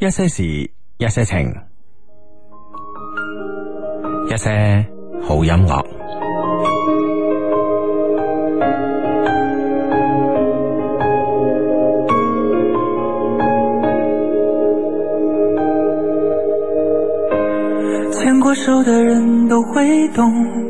一些事，一些情，一些好音樂，牽過手的人都會懂。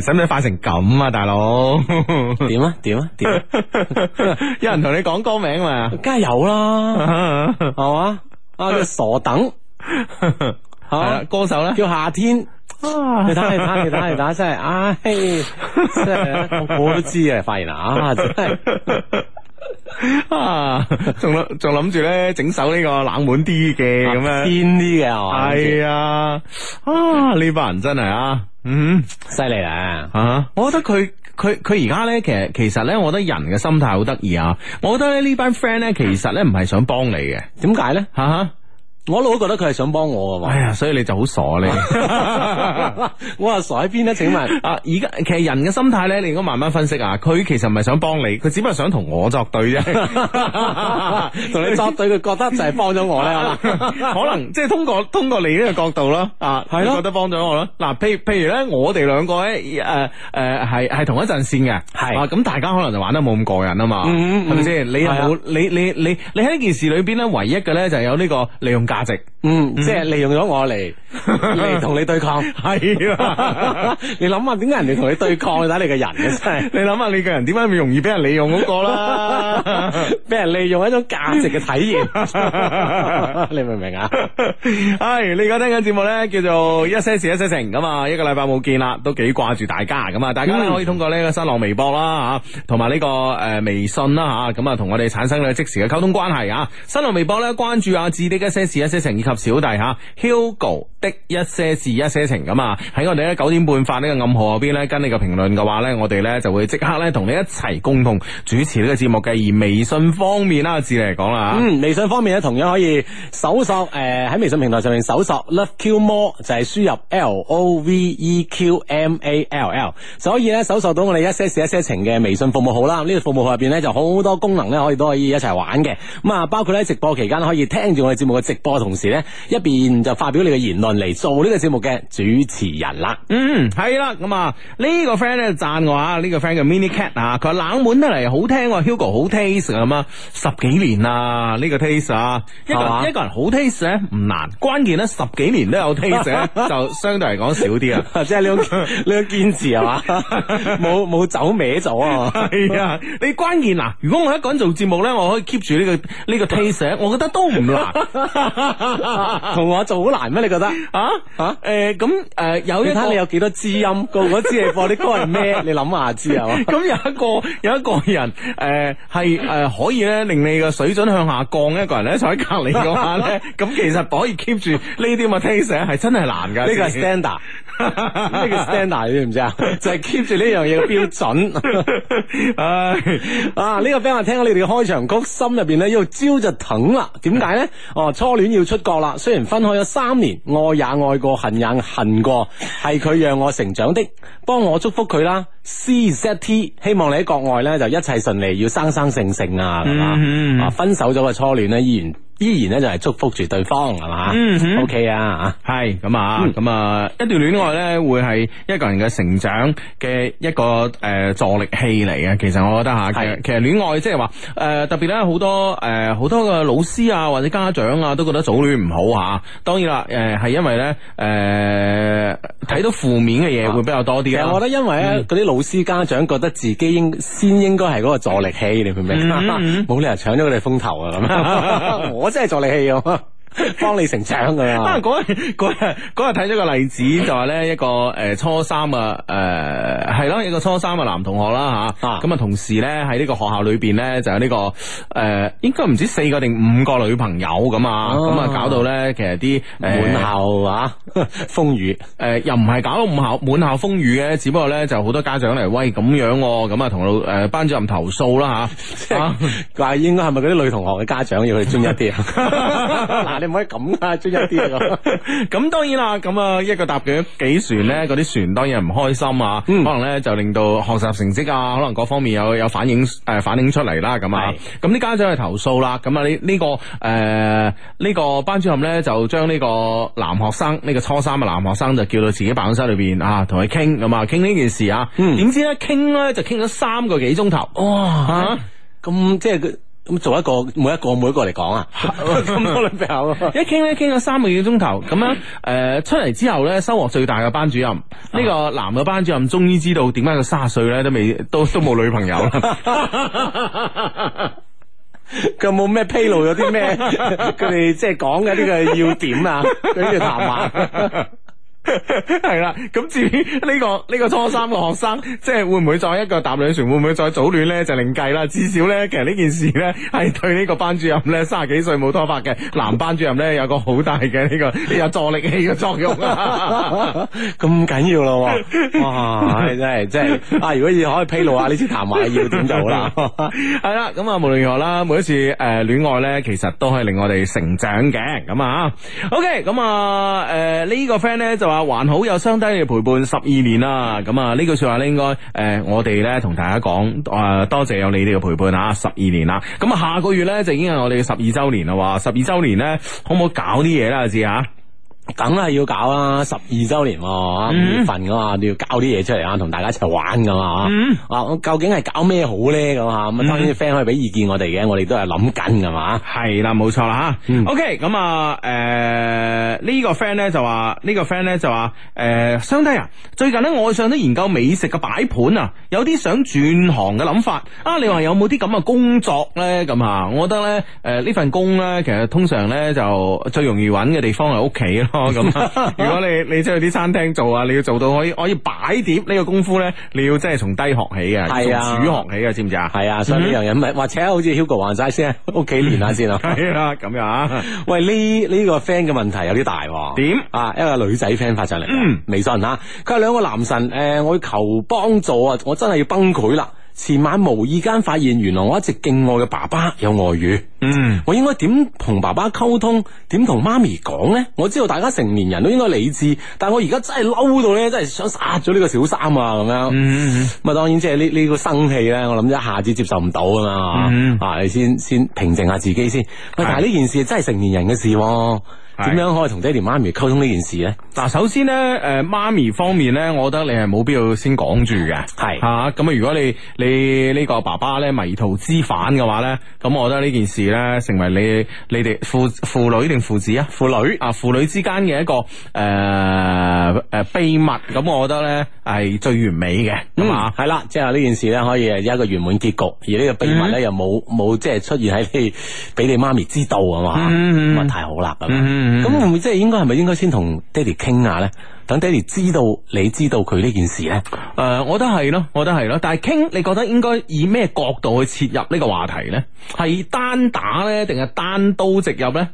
使唔使化成咁啊，大佬？點 啊？點啊？點、啊？ 有人同你講歌名嘛？梗係 有啦，係嘛？啊，叫傻等，吓，歌手咧叫夏天，你打 你打，你打，你打，你，打，你，打，你，打你打，真係、哎，真係，個個都知啊！發現啦，啊，真係， 啊，仲諗仲諗住咧整首呢個冷門啲嘅咁樣，偏啲嘅係嘛？係、哎、啊，啊，呢班人真係啊！嗯，犀利啦！吓、uh，huh. 我覺得佢佢佢而家咧，其實其實咧，我覺得人嘅心態好得意啊！我覺得咧呢班 friend 咧，其實咧唔係想幫你嘅，點解咧？吓、uh？Huh. 我一路都覺得佢係想幫我嘅嘛，哎呀，所以你就好傻咧。我話傻喺邊？咧，請問啊，而家其實人嘅心態咧，你應該慢慢分析啊。佢其實唔係想幫你，佢只不過想同我作對啫。同你作對，佢覺得就係幫咗我咧。可能即係通過通過你呢個角度啦，啊係覺得幫咗我咯。嗱，譬譬如咧，我哋兩個咧，誒誒係係同一陣綫嘅，係啊，咁大家可能就玩得冇咁過癮啊嘛，係咪先？你冇你你你你喺呢件事裏邊咧，唯一嘅咧就係有呢個利用價值，嗯，即係利用咗我嚟嚟同你對抗，係 是，的笑你諗下點解人哋同你對抗你？睇 你嘅人嘅真係，你諗下你嘅人點解咁容易俾人利用嗰個啦？俾人利用一種價值嘅體驗 你明唔明啊？係，你而家聽緊節目咧，叫做一些事一些情，咁啊，一,一,一個禮拜冇見啦，都幾掛住大家咁啊！大家可以通過呢個新浪微博啦，吓、啊，同埋呢個誒、呃、微信啦，吓，咁啊，同我哋產生咧即時嘅溝通關係啊！新浪微博咧，關注阿志的一些事。一些事以及小弟哈，Hugo。的一些事一些情咁啊，喺我哋咧九點半發呢個暗號入邊咧，跟你個評論嘅話咧，我哋咧就會即刻咧同你一齊共同主持呢個節目嘅。而微信方面啦，自嚟講啦嗯，微信方面咧同樣可以搜索誒喺、呃、微信平台上面搜索 Love Q More 就係輸入 L O V E Q M A L L，所以咧搜索到我哋一些事一些情嘅微信服務號啦，呢個服務號入邊咧就好多功能咧可以都可以一齊玩嘅，咁啊包括咧直播期間可以聽住我哋節目嘅直播，同時咧一邊就發表你嘅言論。嚟做呢個節目嘅主持人啦，嗯係啦，咁啊呢個 friend 咧讚我啊，呢個 friend 叫 Mini Cat 啊，佢話冷門得嚟好聽，Hugo 好 taste 咁啊，十幾年啊呢個 taste 啊。一個一個人好 taste 咧唔難，關鍵咧十幾年都有 taste 就相對嚟講少啲啊，即係你種呢堅持係嘛，冇冇走歪咗啊，係啊，你關鍵嗱，如果我一個人做節目咧，我可以 keep 住呢個呢個 taste 我覺得都唔難，同我做好難咩你覺得？啊啊！誒、欸，咁誒，有睇你有幾多知音，告我知嘅話，啲歌係咩？你諗下知係嘛？咁有一個有一個人誒，係、呃、誒、呃、可以咧，令你嘅水準向下降一個人咧，坐喺隔籬嗰下咧，咁其實可以 keep 住呢啲嘛 taste 係真係難噶，呢個 standard，呢個 standard 你知唔知啊？就係 keep 住呢樣嘢嘅標準。啊， 呢、 這個 friend 話聽咗你哋嘅開場曲，心入邊咧要焦就疼啦。點解咧？哦， 初戀要出國啦，雖然分開咗三年，外。 也愛過恨也恨，恨過，係佢讓我成長的，幫我祝福佢啦。C、set、T、希望你喺國外咧就一切順利，要生生性性啊，係嘛？啊、mm，hmm. 分手咗嘅初戀咧，依然依然咧就係祝福住對方，係嘛？嗯、mm hmm.，OK 啊，係咁啊，咁、嗯、啊，一段戀愛咧會係一個人嘅成長嘅一個誒、呃、助力器嚟嘅。其實我覺得吓，是其實戀愛即係話誒，特別咧好多誒，好、呃、多嘅老師啊或者家長啊都覺得早戀唔好吓、啊。當然啦，誒、呃、係因為咧誒睇到負面嘅嘢會比較多啲、啊。嘅、嗯，我覺得因為咧啲老。嗯老師家長覺得自己應先應該係嗰個助力器，你明唔明？冇、mm hmm. 理由搶咗佢哋風頭啊！咁 我真係助力器啊！幫你成長噶啦！嗰日嗰日嗰日睇咗個例子，就係、是、咧一個誒、呃、初三啊誒係咯，一個初三嘅男同學啦吓，咁啊，啊同時咧喺呢個學校裏邊咧就有呢、這個誒、呃，應該唔知四個定五個女朋友咁啊，咁啊搞到咧其實啲滿、呃、校啊風雨誒、呃，又唔係搞到滿校滿校風雨嘅，只不過咧就好多家長嚟喂咁樣、啊，咁、呃、啊同老誒班主任投訴啦吓，即係是、啊、應該係咪啲女同學嘅家長要去專一啲啊？ 唔可以咁噶，即一啲咁。咁 當然啦，咁啊一個搭幾船咧，嗰啲船當然唔開心啊。嗯、可能咧就令到學習成績啊，可能各方面有有反映誒、呃，反映出嚟啦。咁啊，咁啲是、嗯、家長去投訴啦。咁啊呢呢個誒呢、呃這個班主任咧就將呢個男學生呢、這個初三嘅男學生就叫到自己辦公室裏邊啊，同佢傾咁啊，傾呢件事啊。嗯呢，點知咧傾咧就傾咗三個幾鐘頭，哇！咁、啊、即係咁做一個每一個每一個嚟講啊，咁 多女朋友、啊， 一傾咧傾咗三個幾鐘頭，咁樣誒、啊呃、出嚟之後咧，收穫最大嘅班主任呢 個男嘅班主任終於知道點解佢卅歲咧都未都都冇女朋友啦。佢 有冇咩披露有啲咩？佢哋即係講嘅呢個要點啊，呢個談話。 係 啦，咁至於呢個呢、這個初三嘅學生，即係會唔會再一個搭兩船，會唔會再早戀咧，就是、另計啦。至少咧，其實呢件事咧，係對呢個班主任咧，卅幾歲冇拖發嘅男班主任咧，有個好大嘅呢、這個有、這個、助力器嘅作用啊！咁 緊 要咯， 哇，真係 即係啊！如果要可以披露下呢次談話要點就好啦。係 啦，咁啊，無論如何啦，每一次誒戀、呃、愛咧，其實都係令我哋成長嘅。咁啊，OK，咁啊，誒、okay, 呢、嗯呃這個 friend 咧就話。啊，還好有相低嘅陪伴十二年啦，咁啊，呢句說話咧，應該誒、呃、我哋咧同大家講啊、呃，多謝有你哋嘅陪伴啊，十二年啦，咁、嗯、啊下個月咧就已經係我哋嘅十二周年啦，話十二周年咧，可唔可以搞啲嘢啦，知、啊、吓？梗係要搞啦！十二周年，五月份噶嘛，都、嗯、要搞啲嘢出嚟啊，同大家一齊玩噶嘛、嗯、啊！究竟係搞咩好咧？咁吓咁，當然啲 friend 可以俾意見我哋嘅，我哋都係諗緊噶嘛。係啦，冇錯啦吓。OK，咁啊，誒、呃、呢、這個 friend 咧就話呢、這個 friend 咧就話誒，兄、呃、弟啊，最近咧我上都研究美食嘅擺盤啊，有啲想轉行嘅諗法啊。你話有冇啲咁嘅工作咧？咁啊，我覺得咧，誒、呃、呢份工咧，其實通常咧就最容易揾嘅地方係屋企咯。咁、 哦，如果你你出去啲餐廳做啊，你要做到可以可以擺碟呢個功夫咧，你要真係從低學起嘅，從、啊、主學起嘅，知唔知啊？係啊，所以呢樣嘢唔或者好似 Hugo 話齋先，屋企練下先咯。係啦，咁樣啊。 喂，呢呢、這個 friend 嘅問題有啲大喎、啊。點啊？一個女仔 friend 發上嚟，微信吓，佢係兩個男神，誒、呃，我要求幫助啊，我真係要崩潰啦。前晚無意間發現，原來我一直敬愛嘅爸爸有外遇。嗯，我應該點同爸爸溝通？點同媽咪講呢？我知道大家成年人都應該理智，但我而家真係嬲到呢，真係想殺咗呢個小三啊！咁樣，咁、嗯、當然即係呢呢個生氣呢，我諗一下子接受唔到啊嘛，嗯、啊，你先先平靜下自己先。喂，但係呢件事真係成年人嘅事。點樣可以同爹哋媽咪溝通呢件事咧？嗱，首先咧，誒，媽咪方面咧，我覺得你係冇必要先講住嘅。係吓咁啊！如果你你呢個爸爸咧迷途知返嘅話咧，咁我覺得呢件事咧，成為你你哋父父女定父子啊？父女，父父女啊？父女之間嘅一個誒誒、呃、秘密，咁我覺得咧係最完美嘅，係、嗯、啊，係啦、嗯，即係呢件事咧可以有一個圓滿結局，而呢個秘密咧又冇冇、嗯、即係出現喺你俾你媽咪知道啊嘛？問題好啦咁。咁會唔會即係應該係咪應該先同爹哋傾下咧？等爹哋知道你知道佢呢件事咧？誒、呃，我覺得係咯，我覺得係咯。但係傾，你覺得應該以咩角度去切入呢個話題咧？係單打咧，定係單刀直入咧？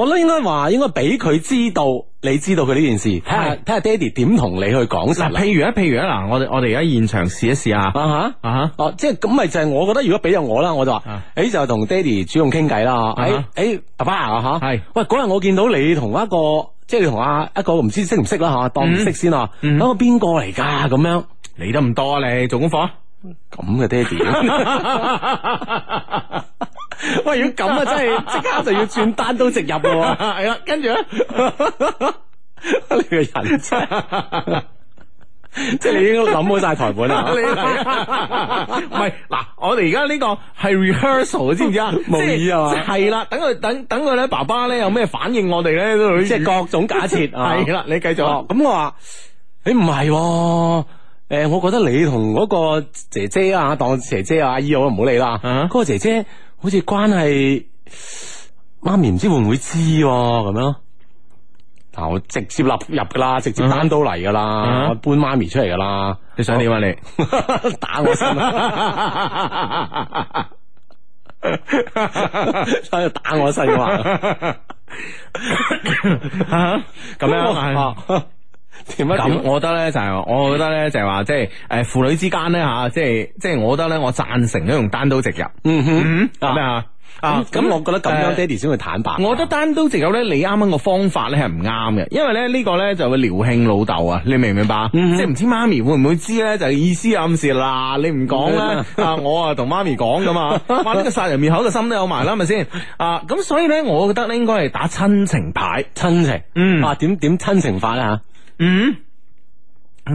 我咧應該話，應該俾佢知道，你知道佢呢件事，睇下睇下爹哋點同你去講先。嗱，譬如啊，譬如啊，嗱，我我哋而家現場試一試啊。啊哈啊哈哦，即係咁咪就係，我覺得如果俾咗我啦，我就話，誒就同爹哋主動傾偈啦。誒誒，爸爸吓係，喂嗰日我見到你同一個，即係你同阿一個唔知識唔識啦吓，當唔識先啊，等個邊個嚟噶咁樣？理得唔多你做功課啊？咁嘅爹哋。喂，如果咁啊，真係即刻就要轉單刀直入咯，係啦， 跟住咧，你 個 人真係即係你已經諗好晒台本啦。唔係嗱，我哋而家呢個係 rehearsal，知唔知啊？模擬啊嘛，係、就、啦、是，等佢等等佢咧，爸爸咧有咩反應我呢，我哋咧都即係各種假設。係 啦、啊，你繼續。咁 我話，你唔係，誒我覺得你同嗰個姐姐，姐啊，當、啊那個、姐姐啊阿姨，我唔好理啦。嗰、那個姐姐。 好似關係媽咪唔知會唔會知咁樣，但我直接納入㗎喇，直接單刀嚟㗎喇，我搬媽咪出嚟㗎喇，你想點啊你？打我一，所以打我一細話，咁樣哦。咁我覺得咧就係，我覺得咧就係話即係誒父女之間咧吓，即係即係我覺得咧我贊成咧用單刀直入。嗯哼，咩啊？啊咁，嗯、我覺得咁樣、啊、爹哋先會坦白。我覺得單刀直入咧，你啱啱個方法咧係唔啱嘅，因為咧呢、這個咧就會撩慶老豆啊，你明唔明白？嗯、即係唔知媽咪會唔會知咧？就意思暗示啦，你唔講咧，啊我啊同媽咪講噶嘛，話呢個殺人滅口個心都有埋啦，係咪先？啊咁所以咧，我覺得咧應該係打親情牌，親情，嗯、啊點點親情法咧吓？嗯，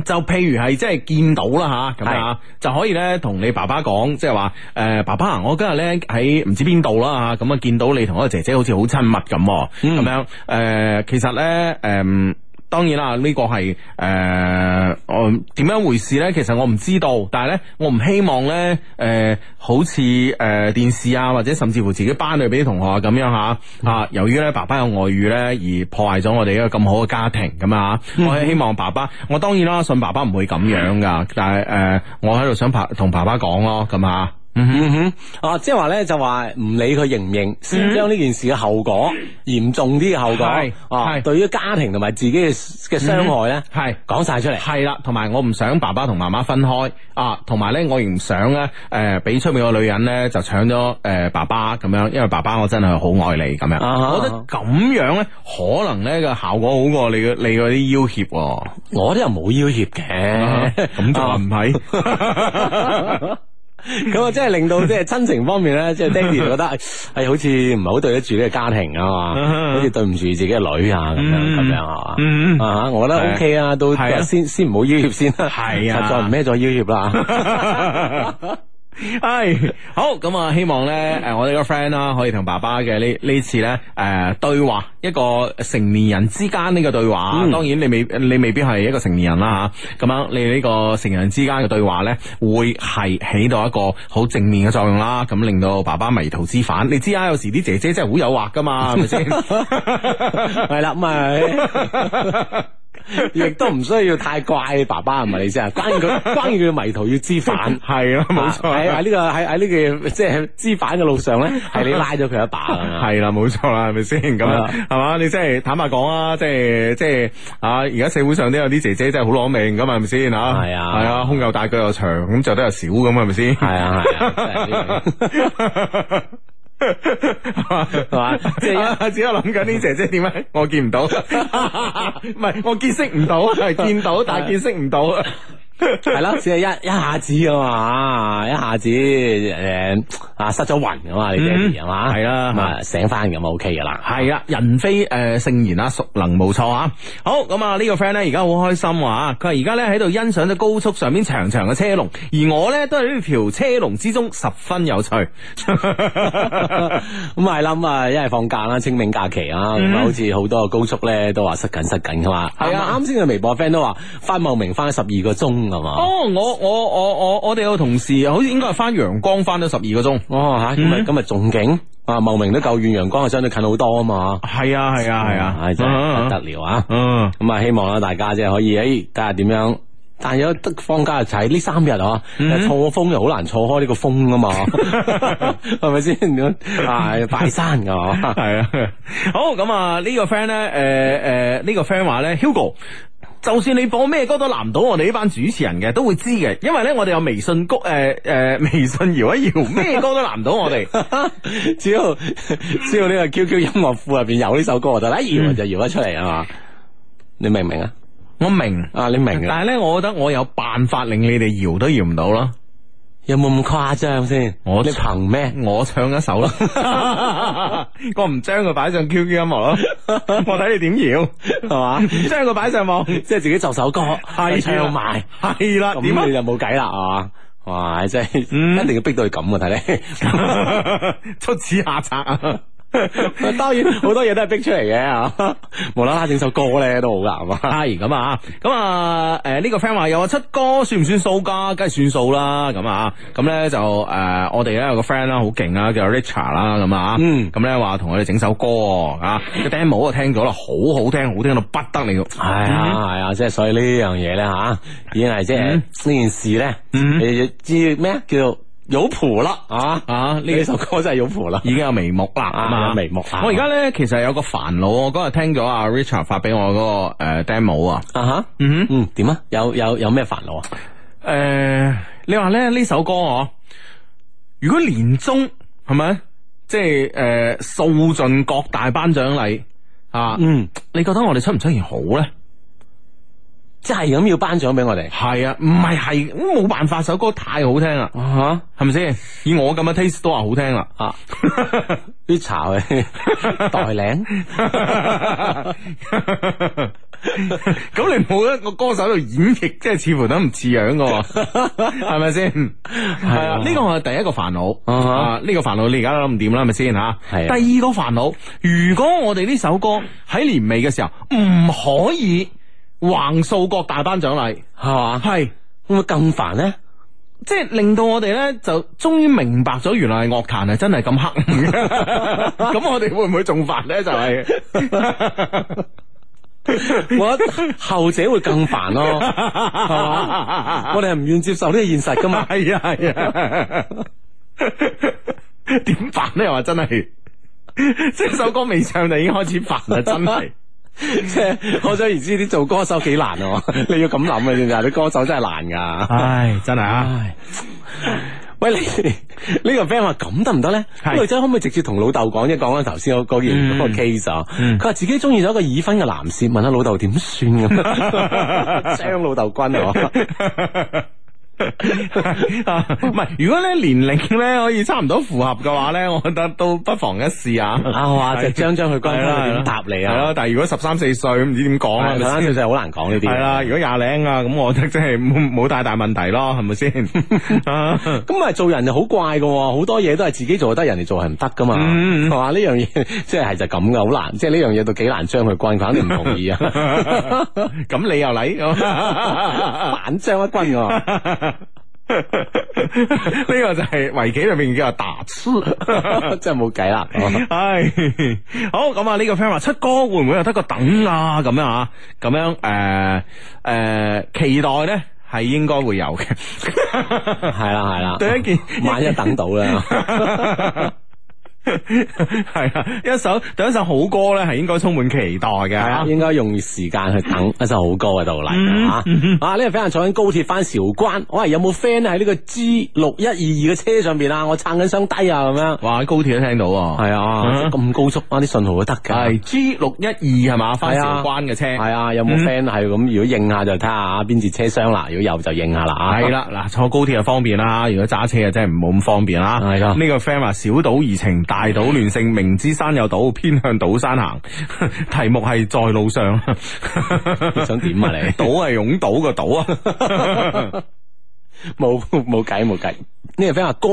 就譬如係即係見到啦吓，咁樣是就可以咧同你爸爸講，即係話誒，爸爸，我今日咧喺唔知邊度啦吓，咁啊見到你同一個姐姐好似好親密咁，咁、嗯、樣誒、呃，其實咧誒。呃當然啦，呢、這個係誒、呃、我點樣回事呢？其實我唔知道，但係呢，我唔希望呢，誒、呃、好似誒、呃、電視啊，或者甚至乎自己班裏邊啲同學咁樣吓啊，啊！由於呢爸爸有外遇呢，而破壞咗我哋一個咁好嘅家庭咁啊！我係希望爸爸， 我當然啦，信爸爸唔會咁樣噶，但係誒、呃、我喺度想同爸爸講咯，咁啊！嗯哼，mm hmm. 啊，即係話咧，就話唔理佢認唔認，先將呢件事嘅後果嚴重啲嘅後果，後果 mm hmm. 啊，是對於家庭同埋自己嘅嘅傷害咧，係講晒出嚟，係啦，同埋我唔想爸爸同媽媽分開，啊，同埋咧我亦唔想咧，誒、呃，俾出面個女人咧就搶咗誒爸爸咁樣，因為爸爸我真係好愛你咁樣，uh huh. 我覺得咁樣咧可能咧個效果好過你嘅你嗰啲要挾，uh huh. 我都又冇要挾嘅，咁就話唔係。咁啊，即係令到即係親情方面咧，即係爹哋覺得係、哎、好似唔係好對得住呢個家庭啊嘛，好似對唔住自己嘅女啊咁、嗯、樣咁樣啊嘛，啊、嗯，我覺得 OK 啊，啊到啊先先唔好要挾先啦，啊、實在唔咩再要挾啦。 係好咁啊！希望咧，誒，我哋個 friend 啦，可以同爸爸嘅呢呢次咧誒對話，一個成年人之間呢個對話，嗯、當然你未你未必係一個成年人啦吓，咁樣你呢個成人之間嘅對話咧，會係起到一個好正面嘅作用啦。咁令到爸爸迷途知返，你知啊，有時啲姐姐真係好誘惑噶嘛，係咪先？係啦，咁啊。亦都唔需要太怪爸爸，係咪？你先啊！關於佢， 關於佢迷途要知返，係咯、 啊，冇錯。喺呢、 這個喺喺呢個即係、就是、知返嘅路上咧，係 你拉咗佢一把 啊！係啦，冇錯啦，係咪先？咁啊，係嘛？你即係坦白講啊，即係即係啊！而家社會上都有啲姐姐真係好攞命噶嘛，係咪先啊？係啊，係啊，胸又大，腳又長，咁就得又少咁，係咪先？係啊，係啊。係 嘛？ 即係只有諗緊啲姐姐點解我見唔到？唔 係我見識唔到，係見到但係見識唔到。 係咯，只係一一下子啊嘛，一下子誒啊失咗魂咁嘛，你爹哋係嘛？係啦，醒翻咁 ok 噶啦。係啊，人非誒聖賢啊，孰能無錯啊？好咁啊，呢個 friend 咧而家好開心啊！佢而家咧喺度欣賞咗高速上面長長嘅車龍，而我咧都喺呢條車龍之中，十分有趣。咁係啦，咁啊一係放假啦，清明假期啊，咁啊好似好多高速咧都話塞緊塞緊噶嘛。係啊，啱先嘅微博 friend 都話翻茂名翻十二個鐘。係嘛？哦，我我我我我哋有個同事，好似應該係翻陽光翻咗十二個鐘哦吓、啊。今日今日仲勁？啊！茂名都夠遠，陽光又相對近好多啊嘛。係啊係啊係啊，啊啊啊真係不得了啊！嗯，咁啊，希望啦，大家即係可以誒，睇下點樣。但係有得放假就喺呢三日嗬，錯峰又好難錯開呢個峰啊嘛，係咪先？ 啊，拜山噶嗬、啊，係 啊。好，咁啊，呃呃這個、呢個 friend 咧，誒誒，呢個 friend 話咧，Hugo。就算你播咩歌都難唔到我哋呢班主持人嘅，都會知嘅。因為咧，我哋有微信谷誒誒、呃呃，微信搖一搖，咩歌都難唔到我哋。 只要只要呢個 QQ 音樂庫入邊有呢首歌就得，搖、嗯、就搖得出嚟啊嘛。你明唔明啊？我明啊，你明。但係咧，我覺得我有辦法令你哋搖都搖唔到咯。有冇咁誇張先？我你憑咩？我唱一首咯， 我唔將佢擺上 QQ 音樂咯，我睇你點搖係嘛？唔將佢擺上網，即係自己就首歌係唱埋，係啦，咁你就冇計啦，係嘛？有有啊、哇，真係一定要逼到佢咁啊！睇你、嗯、 出此下策啊！ 當然好多嘢都係逼出嚟嘅啊，無啦啦整首歌咧都好噶，係嘛？咁啊，咁啊，誒呢個 friend 話有話出歌算唔算數噶？梗係算數啦，咁啊，咁咧就誒我哋咧有個 friend 啦，好勁啊，叫 Richard 啦，咁啊，嗯，咁咧話同我哋整首歌啊，個 demo 啊聽咗啦，好好聽，好聽到不得了，係啊係啊，即係所以呢樣嘢咧吓，已經係即係呢件事咧，你知咩啊叫？嗯有譜啦，啊啊！呢幾首歌真係有譜啦， 已經有眉目啦，啊，有眉目啊！我而家咧其實有個煩惱，我嗰日聽咗阿 Richard 發俾我嗰個誒 demo 啊，啊哈，嗯嗯，點啊？有有有咩煩惱啊？誒，你話咧呢首歌我如果年終係咪即係誒掃盡各大頒獎禮啊？嗯，嗯，你覺得我哋出唔出現好咧？即係咁要頒獎俾我哋，係啊，唔係係，冇辦法，首歌太好聽啦，係咪先？以我咁嘅 taste 都話好聽啦，啊， 啲茶去代領，咁你冇一個歌手喺度演繹，即係似乎都唔似樣嘅，係咪先？係啊，呢個我係第一個煩惱、uh huh. 啊，呢、這個煩惱你而家諗唔掂啦，係咪先吓？係。第二個煩惱，如果我哋呢首歌喺年尾嘅時候唔可以。橫掃各大頒獎禮，係嘛吧？係會唔會咁煩咧？即係令到我哋咧，就終於明白咗，原來係樂壇係真係咁黑。咁我哋會唔會仲煩咧？就係我覺得後者會更煩咯，係嘛？我哋係唔願接受呢個現實噶嘛？係啊係啊，點煩咧？又話真係，即係首歌未唱就已經開始煩啦，真係。 即係可想而知，啲做歌手幾難哦、啊 啊！你要咁諗啊，真係啲歌手真係難噶、啊，唉、 哎，真係啊！ 喂，你呢個 friend 話咁得唔得咧？你行行是女仔可唔可以直接同老豆講一講咧？頭先嗰件咁個 case 啊，佢話、嗯、自己中意咗一個已婚嘅男士，問下老豆點算咁啊？將老豆軍啊！唔係， 如果咧年齡咧可以差唔多符合嘅話咧，我覺得都不妨一試下。哦、將將 啊，即係將將去關答你啊！係咯，但係如果十三四歲，唔知點講啊！十三四歲好難講呢啲。係啦、啊，吧如果廿零啊，咁我覺得真係冇太大問題咯，係咪先？咁 啊， 做人就好怪噶，好多嘢都係自己做得，人哋做係唔得噶嘛，係嘛、嗯？呢樣嘢即係就咁噶，好難。即係呢樣嘢都幾難將佢關，反定唔同意啊！咁你又嚟，反將一軍。呢 個就係圍棋裏面叫做打吃，真係冇計啦。唉，好咁啊，呢、這個 friend 話七哥會唔會又得個等啊？咁樣啊，咁樣誒誒、呃呃，期待咧係應該會有嘅，係啦係啦，對 一件萬一等到咧。 係啊，一首第一首好歌咧，係應該充滿期待嘅，應該用時間去等一首好歌嘅到嚟。啊！啊，呢位 friend 坐緊高鐵翻韶關，我有冇 friend 喺呢個 G 六一二二嘅車上邊啊？我撐緊箱低啊，咁樣哇！喺高鐵都聽到，係啊，咁高速啱啲信號都得嘅。係 G 六一二係嘛？翻韶關嘅車係啊？有冇 friend 係咁？如果應下就睇下啊，邊節車廂啦？如果有就應下啦。係啦，嗱，坐高鐵就方便啦。如果揸車啊，真係唔好咁方便啦。係噶。呢個 friend 話小島怡情。大堵亂成，明知山有堵，偏向堵山行。 題目係在路上， 你想點啊你？堵係擁堵個堵啊！冇冇計冇計。呢個 friend 話哥，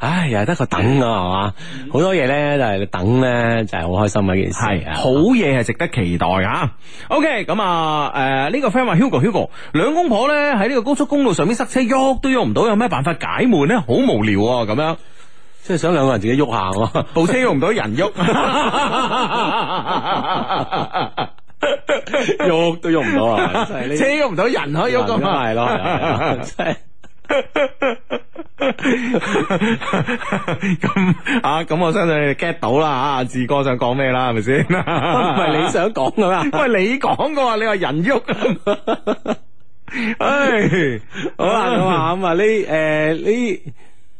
唉，又係得個等啊，係嘛？好多嘢咧就係等咧，就係好開心嘅一件事。係好嘢係值得期待啊！OK，咁啊，誒、呃，這個、Hugo, Hugo, 呢個 friend 話 Hugo Hugo 兩公婆咧喺呢個高速公路上面塞車喐都喐唔到，有咩辦法解悶咧？好無聊啊，咁樣。即係想兩個人自己喐下，部車喐唔到人喐，喐都喐唔到啊！車喐唔到人可以喐咁 啊，係咯，咁啊！咁我相信你 get 到啦啊！志哥想講咩啦？係咪先？唔 係你想講噶啦，喂， 你講噶話！你話人喐，唉，好啊，好啊，咁啊，呢誒呢。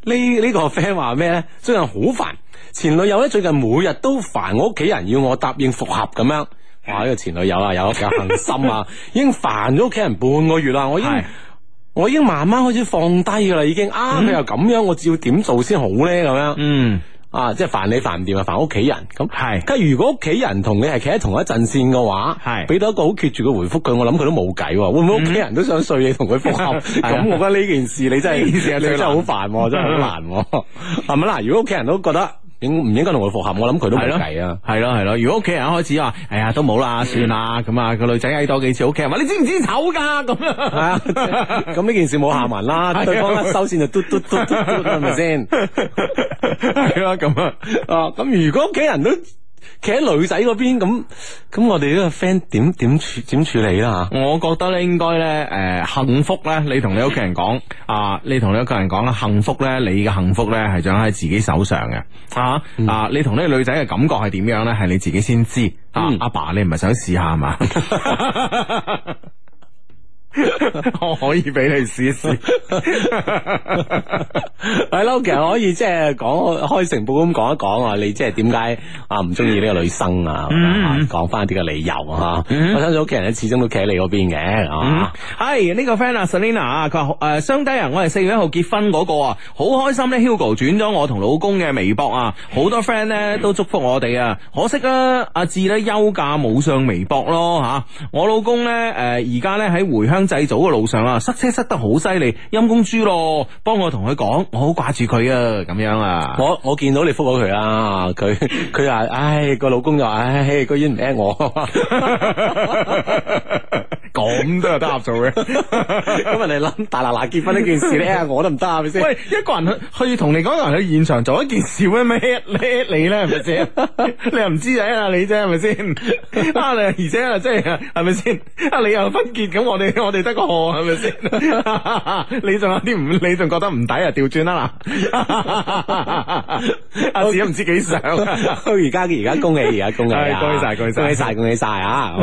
呢呢個 friend 話咩咧？最近好煩前女友咧，最近每日都煩我屋企人，要我答應復合咁樣。話呢是、啊這個前女友啊，有恒心啊， 已經煩咗屋企人半個月啦。我已經是我已經慢慢開始放低噶啦，已經。你、啊嗯、又咁樣，我要點做先好咧？咁樣嗯。啊！即係煩你煩唔掂啊，煩屋企人咁。係，是但如果屋企人同你係企喺同一陣線嘅話，係俾到一個好決絕嘅回覆佢，我諗佢都冇計。嗯、會唔會屋企人都想碎你同佢復合？咁我覺得呢件事你真係，你真係好煩，真係好難、啊。係咪嗱？如果屋企人都覺得。應唔應該同佢復合？我諗佢都冇計啊，係咯，係咯。如果屋企人一開始話，哎呀都冇啦，算啦咁啊，個、嗯、女仔嗌多幾次，屋企人話你知唔知醜噶咁樣，係 啊。咁呢件事冇下文啦。 對方一收線就嘟嘟嘟嘟，嘟， 係咪先？係啊，咁 啊，哦，咁如果屋企人都。企喺女仔嗰邊咁，咁，我哋呢個 friend 點點處點處理啦吓？我覺得咧，應該咧，誒，幸福咧，你同你屋企人講啊，你同你屋企人講啦，幸福咧，你嘅幸福咧係掌喺自己手上嘅啊啊！嗯、你同呢個女仔嘅感覺係點樣咧？係你自己先知啊！阿、嗯、爸，爸，你唔係想試下嘛？ 我可以俾你試一試，係咯，其實可以即係講開成簿咁講一講啊，你即係點解啊唔中意呢個女生啊？講翻啲嘅理由、mm hmm. 啊，我相信屋企人咧始終都企喺你嗰邊嘅啊。係呢、mm hmm. 個 friend 啊，Selina 啊，佢話誒雙低人，我係四月一號結婚嗰、那個啊，好開心咧。Hugo 轉咗我同老公嘅微博啊，好多 friend 咧都祝福我哋啊。可惜啊，阿志咧休假冇上微博咯吓、啊，我老公咧誒而家咧喺回鄉。祭祖嘅路上啊，塞車塞得好犀利，陰公豬咯，幫我同佢講，我好掛住佢啊，咁樣啊，我我見到你覆咗佢啦，佢佢話，唉個老公就話，唉，居然唔 a 我。 咁都 有得合作嘅，咁人你諗大嗱嗱結婚呢件事咧，我都唔得啊，係咪先？喂， 一個人去去同你嗰個人去現場做一件事嘅咩？叻你咧，係咪先？你又唔 知仔啊，你啫，係咪先？啊，你而且啊，即係啊，係咪先？啊， 你又分結，咁我哋我哋得個賀，係咪先？你仲有啲唔，你仲覺得唔抵啊？調轉啦嗱，阿志唔知幾想， 佢而家而家恭喜而家恭，恭， 恭喜啊！恭喜晒， 恭喜晒，恭喜晒啊！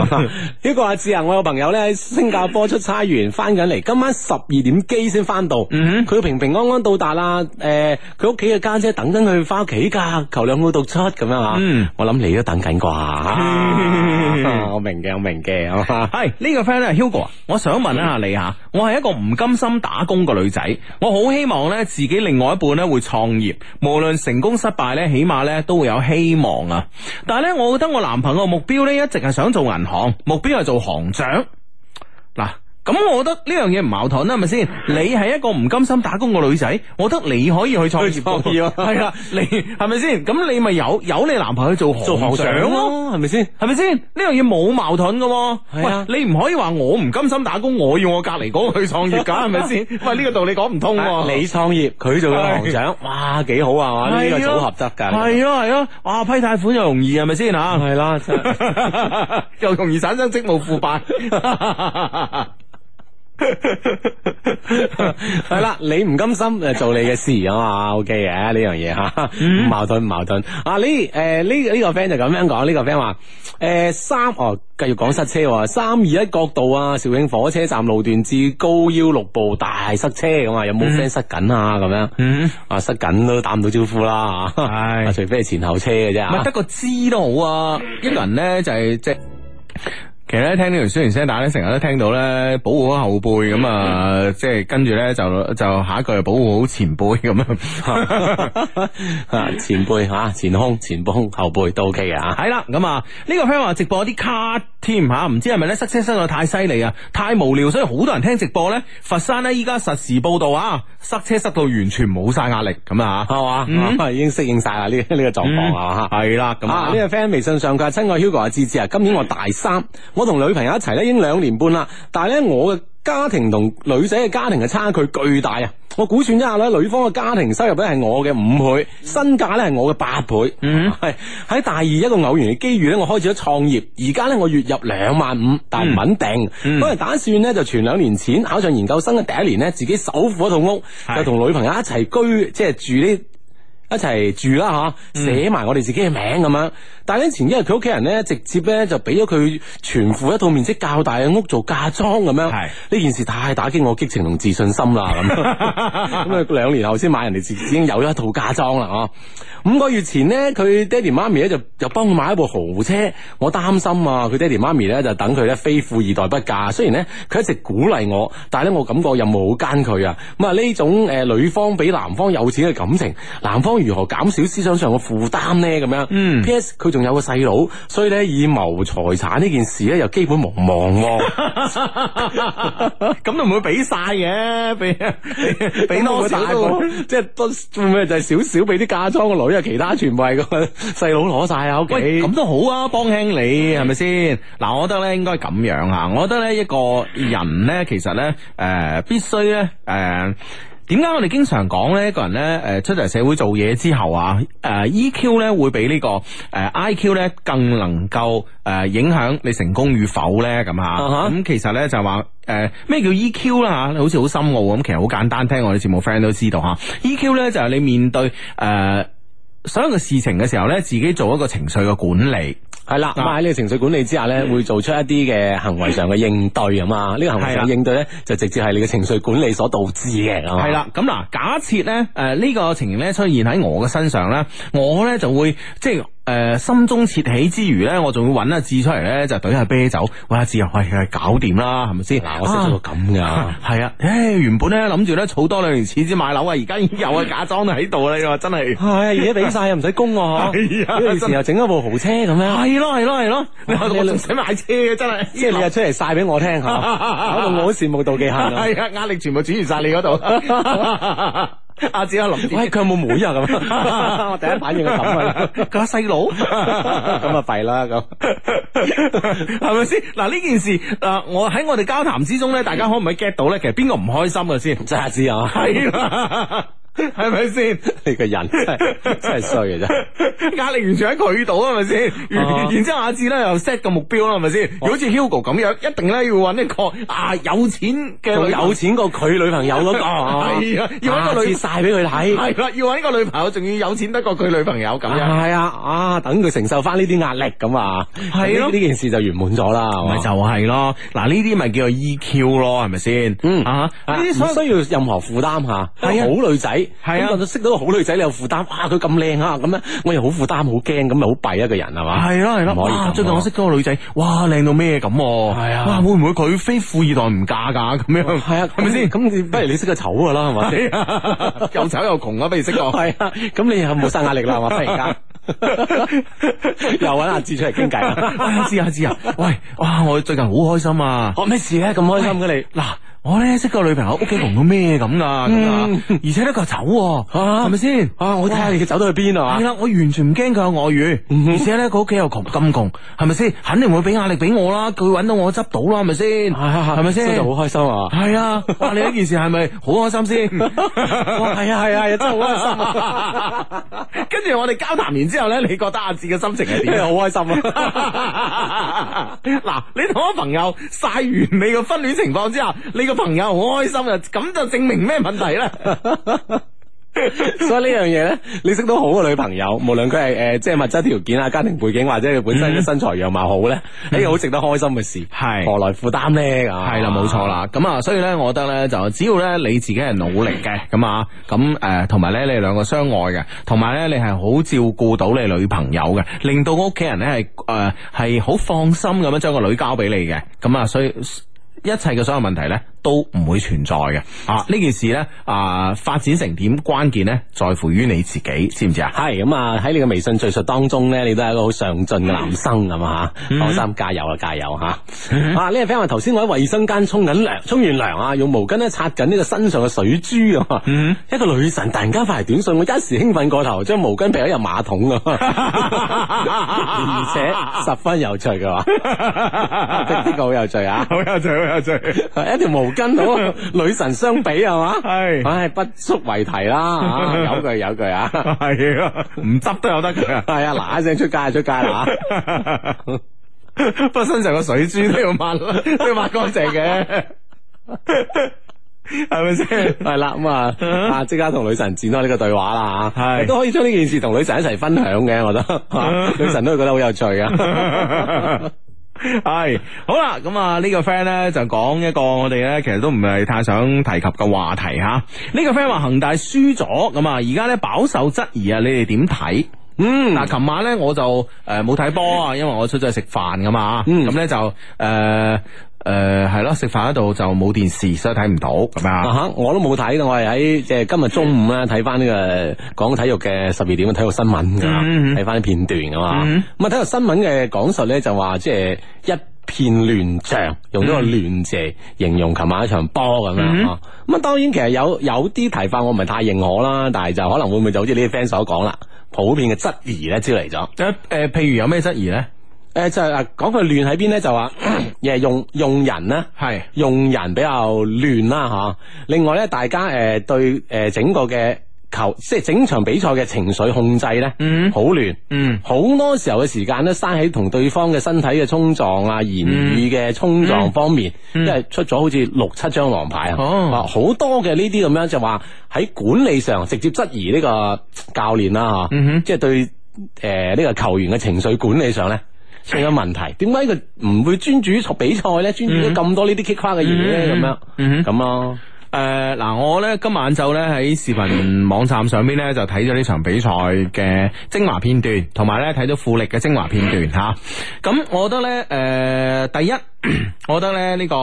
呢個阿志啊，我有朋友咧。 啊 新加坡出差完，翻緊嚟，今晚十二點機先翻到。佢、mm hmm. 平平安安到達啦。誒、呃，佢屋企嘅家姐，姐等緊佢翻屋企噶，求兩公度出咁樣啊。Mm hmm. 我諗你都等緊啩、mm hmm. 我明嘅，我明嘅。係呢個 friend Hugo 我想問一下你吓，我係一個唔甘心打工嘅女仔，我好希望呢自己另外一半呢會創業，無論成功失敗呢，起碼呢都會有希望啊。但係呢，我覺得我男朋友目標呢，一直係想做銀行，目標係做行長。咁、嗯、我覺得呢樣嘢唔矛盾啦，係咪先？你係一個唔甘心打工嘅女仔，我覺得你可以去創業，係啊，啊，你係咪先？咁你咪有有你男朋友去做做行長咯、啊，係咪先？係咪先？呢樣嘢冇矛盾嘅、啊。啊、喂，你唔可以話我唔甘心打工，我要我隔籬嗰個去創業噶，係咪先？喂，呢、 呢個道理講唔通、啊。 你創業，佢做嘅行長，哇，幾好啊！呢個組合得噶。係啊係啊，哇吧，批貸款又容易，係咪先吓？係啦、啊，啊、 又容易產生職務腐敗。 係 啦， 你唔甘心誒，做你嘅事 okay, 啊嘛？O K 嘅呢樣嘢吓，唔矛盾唔矛盾？阿李誒，呢呢個 friend 就咁樣講，呢個 friend 話誒三哦，繼續講塞車喎、啊，三二一角度啊，肇慶火車站路段至高腰六部大塞車咁啊，有冇 friend 塞緊啊？咁、啊、樣啊，塞緊都打唔到招呼啦，係、啊啊、除非係前後車嘅啫，得、啊、個知都好啊，一個人咧就係、是、即。就是其實咧聽呢條雖然聲，但係咧成日都聽到咧保護好後輩咁啊，即係跟住咧就就下一句又保護好前輩咁樣，啊前輩吓前胸前胸後背都 OK 嘅吓。係啦、啊，咁啊呢、這個 friend 話直播有啲卡添吓，唔、啊、知係咪咧塞車塞到太犀利啊，太無聊，所以好多人聽直播咧。佛山呢依家實時報道啊，塞車塞到完全冇晒壓力咁啊，係嘛、嗯、係、啊、已經適應晒啦呢呢個狀況、這個嗯、啊吓。係啦，咁啊呢、啊這個 friend 微信上佢係親愛 Hugo 阿芝芝啊，今年我大三。 我同女朋友一齊咧，已經兩年半啦。但係咧，我嘅家庭同女仔嘅家庭嘅差距巨大啊！我估算一下咧，女方嘅家庭收入咧係我嘅五倍，身價咧係我嘅八倍。嗯、mm，係、hmm. 喺大二一個偶然嘅機遇咧，我開始咗創業。而家咧我月入兩萬五，但唔穩定。本來、mm hmm. 打算咧就存兩年錢，考上研究生嘅第一年咧自己首付一套屋，mm hmm. 就同女朋友一齊居，即係住呢。一齊住啦，吓寫埋我哋自己嘅名咁樣。但係咧前一日佢屋企人咧，直接咧就俾咗佢全副一套面積較大嘅屋做嫁妝咁樣。呢的件事太打擊我激情同自信心啦。咁咁啊兩年後先買人哋自己已經有一套嫁妝啦，嗬。五個月前呢，佢爹哋媽咪咧就又幫佢買一部豪車。我擔心啊，佢爹哋媽咪咧就等佢咧非富二代不嫁。雖然咧佢一直鼓勵我，但係咧我感覺又冇好奸佢啊。咁啊呢種誒女方俾男方有錢嘅感情，男方。如何減少思想上嘅負擔呢？咁樣，P.S. 佢仲有個細佬，所以咧以謀財產呢件事咧又基本無望，喔，咁 都唔會俾晒嘅，俾俾多晒咯，即係多會 就係少少俾啲嫁妝個女，其他全部係個細佬攞晒啊屋企，咁都好啊，幫輕你係咪先？嗱的，我覺得咧應該咁樣啊，我覺得咧一個人咧其實咧誒必須咧誒。呃點解我哋經常講一個人呢，誒，出嚟社會做嘢之後啊，誒、呃、，E Q 呢會比呢個誒、呃、I Q 呢更能夠誒、呃、影響你成功與否呢？咁啊、uh，咁其實呢，就係話，誒，咩叫 E Q 啦吓，好似好深奧咁，其實好簡單，聽我哋節目 friend 都知道吓，E Q 呢，呢就係你面對誒、呃、所有嘅事情嘅時候呢，自己做一個情緒嘅管理。係啦，咁啊喺你情緒管理之下咧，啊、會做出一啲嘅行為上嘅應對啊呢 個行為上嘅應對咧了就直接係你嘅情緒管理所導致嘅，係啦，咁嗱，假設咧，誒、呃、呢、呢個情形咧出現喺我嘅身上咧，我咧就會即係。誒、呃，心中竊喜之餘咧，我仲要揾下字出嚟咧，就懟下啤酒。哇、哎，字又係又係搞掂啦，係咪先？嗱、啊，我識咗到咁噶。係啊，誒、啊，原本咧諗住咧儲多兩年錢先買樓、哎、 啊，而家以前 的又啊假裝喺度啦，真係。係，而家俾晒又唔使供嗬。係啊。有時又整咗部豪車咁樣。係咯係咯係咯，啊啊啊、哇你話我唔使買車嘅真係。即係你又出嚟晒俾我聽，搞到我好羨慕妒忌恨。係 啊，壓力全部轉移晒你嗰度。 阿子阿林，喂，佢有冇妹啊咁？ 我第一反應個諗法，佢有細佬，咁啊弊，啦咁，係咪先？嗱 呢 件事，誒、呃、我喺我哋交談之中咧，大家可唔可以 get 到咧？其實，邊個唔開心嘅先？即阿子啊，係。 係咪先？你個人真係真係衰嘅啫，壓力完全喺佢度啊！係咪先，然之後阿志咧又 set 個目標啦，係咪先。好似 Hugo 咁樣，一定咧要搵一個啊有錢嘅，有錢過佢女朋友嗰個。係啊，要搵個女晒俾佢睇。係啦，要搵個女朋友，仲要有錢得過佢女朋友咁樣。係啊，啊，等佢承受翻呢啲壓力咁啊，係咯，呢件事就圓滿咗啦。咪就係咯，嗱呢啲咪叫做 EQ 咯，係咪先？嗯啊，呢啲唔需要任何負擔吓，係好女仔。係啊，識到個好女仔，你又負擔，哇，佢咁靚啊，咁樣我又好負擔，好驚，咁咪好弊一個人係嘛？係咯，係咯，哇！最近我識到個女仔，哇，靚到咩咁？係啊，會唔會佢非富二代唔嫁噶？咁樣係啊，係咪先？咁不如你識個醜噶啦，或者又醜又窮啊？不如識個系啊？咁你有冇晒壓力啦？係嘛？忽然間又搵阿志出嚟傾偈，阿志阿志，喂，哇！我最近好開心啊！學咩事咧？咁開心嘅你嗱？我咧，識個女朋友屋企窮到咩咁噶，嗯、而且咧佢又走、啊，係咪先？是是啊，我睇下你嘅，走到去邊啊！我完全唔驚佢有外遇，嗯、哼而且咧佢屋企又窮咁窮，係咪先？肯定會俾壓力俾我啦，佢搵到我執到啦，係咪先？係咪先？真係好開心啊！係啊，你一件事係咪好開心先？係啊係啊，真係好開心。 開心啊、 跟住我哋交談完之後咧，你覺得阿志嘅心情係點？好 開心啊！嗱 你同我朋友晒完你嘅婚戀情況之後，你朋友好開心啊，咁就證明咩問題呢？所以呢樣嘢咧，你識到好嘅女朋友，無論佢係誒，即係物質條件啊、家庭背景或者佢本身嘅身材樣貌好咧，呢個好值得開心嘅事。係何來負擔咧？係啦，冇錯啦。咁啊，所以咧，我覺得咧，就只要咧你自己係努力嘅，咁啊，咁誒，同埋咧，你兩個相愛嘅，同埋咧，你係好照顧到你女朋友嘅，令到屋企人咧係誒係好放心咁樣將個女交俾你嘅。咁啊，所以。一切嘅所有問題咧，都唔會存在嘅。啊，呢件事咧啊、呃，發展成點關鍵咧，在乎於你自己，知唔知啊？係咁啊！喺你嘅微信敘述當中咧，你都係一個好上進嘅男生，咁 啊，吓？放心，加油啊，加油吓！啊，呢位 friend 話頭先喺衛生間沖緊涼，沖完涼啊，用毛巾咧擦緊呢個身上嘅水珠啊！一個女神突然間發嚟短信，我一時興奮過頭，將毛巾撇咗入馬桶嘅，啊、 而且十分有趣㗎喎，呢個好有趣啊，好、啊這個、有趣。啊 一條毛巾同 女神相比係嘛？係是，唉，不足為題啦，啊，有句有句啊，係 啊，唔執都有得佢，係啊，嗱一聲出街就出街啦， 不過身上個水珠都要抹，都 要抹乾淨嘅，係咪先？係 啦、 嗯，咁啊，啊，即刻同女神展開呢個對話啦，係都可以將呢件事同女神一齊分享嘅，我覺得 女神都會覺得好有趣噶。 係 好啦，咁啊呢個 friend 呢就講一個我哋呢其實都唔係太想提及嘅話題吓。呢個 friend 話恒大輸咗咁啊，而家呢飽受質疑啊，你哋點睇？嗯，嗱，琴晚呢我就誒冇睇波啊，因為我出咗去食飯噶嘛，咁、嗯、呢就誒。呃誒，係咯、呃，食飯喺度就冇電視，所以睇唔到，係咪啊？我都冇睇，我係喺即係今日中午咧睇翻呢個講體育嘅十二點嘅體育新聞噶，睇翻啲片段噶嘛。咁啊的，體育、嗯、新聞嘅講述咧就話即係一片亂象，用呢個亂字、嗯、形容琴晚一場波咁樣咯。咁啊，嗯嗯、當然其實有有啲提法我唔係太認可啦，但係就可能會唔會就好似呢啲 fans 所講啦，普遍嘅質疑咧招嚟咗。誒、呃，譬如有咩質疑咧？誒、呃，就係、是、啊，講佢亂喺邊咧，就話誒係用用人咧，係是用人比較亂啦。吓、啊，另外咧，大家誒對誒整個嘅球，即係整場比賽嘅情緒控制咧，好亂。嗯，好亂、嗯、多時候嘅時間咧，生喺同對方嘅身體嘅衝撞啊，言語嘅衝撞方面，即係、嗯嗯、出咗好似六七張黃牌啊。好、哦、多嘅呢啲咁樣就話、是、喺管理上直接質疑呢個教練啦。吓，哼，即係對誒呢、呃這個球員嘅情緒管理上咧。呢呢出咗問題，點解佢唔會專注於比賽咧？專注咗咁多呢啲激花嘅嘢咧？咁、嗯嗯、樣咁咯。誒，嗱、呃，我呢今晚就呢喺視頻網站上邊呢，就睇咗呢場比賽嘅精華片段，同埋呢睇咗富力嘅精華片段吓。咁我覺得呢，誒、嗯，第、嗯、一、嗯嗯，我覺得呢呢個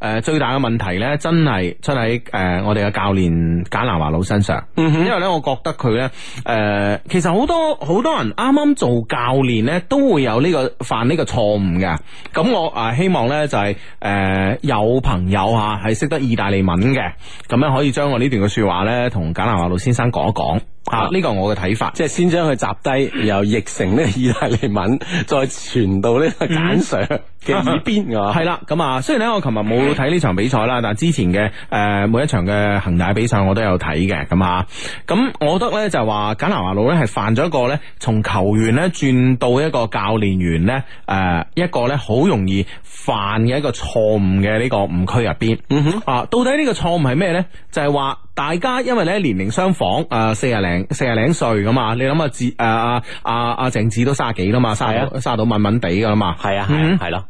誒最大嘅問題呢，真係出喺誒我哋嘅教練簡南華佬身上。因為呢，我覺得佢呢，誒，其實好多好多人啱啱做教練呢，都會有呢、這個犯呢個錯誤嘅。咁、嗯嗯、我啊希望呢，就係、是、誒、呃、有朋友吓係、啊、識得意大利文嘅。咁樣可以將我呢段嘅說話呢，同簡南華老先生講一講啊！呢個係我嘅睇法，即係先將佢集低，然後譯成呢個意大利文，再傳到呢個簡上。嗯嘅耳 邊啊，係啦，咁啊，雖然咧我琴日冇睇呢場比賽啦，但係之前嘅誒、呃、每一場嘅恒大比賽我都有睇嘅，咁啊，咁我覺得咧就係、是、話簡拿華路咧係犯咗一個咧從球員咧轉到一個教練員咧誒、呃、一個咧好容易犯嘅一個錯誤嘅呢個誤區入邊，嗯、哼，啊，到底呢個錯誤係咩咧？就係、是、話大家因為咧年齡相仿，誒四廿零四廿零歲咁啊，嗯、你諗啊、呃呃呃呃呃、子誒阿阿阿鄭智都卅幾啦嘛，卅卅到敏敏地㗎啦嘛，係啊係咯。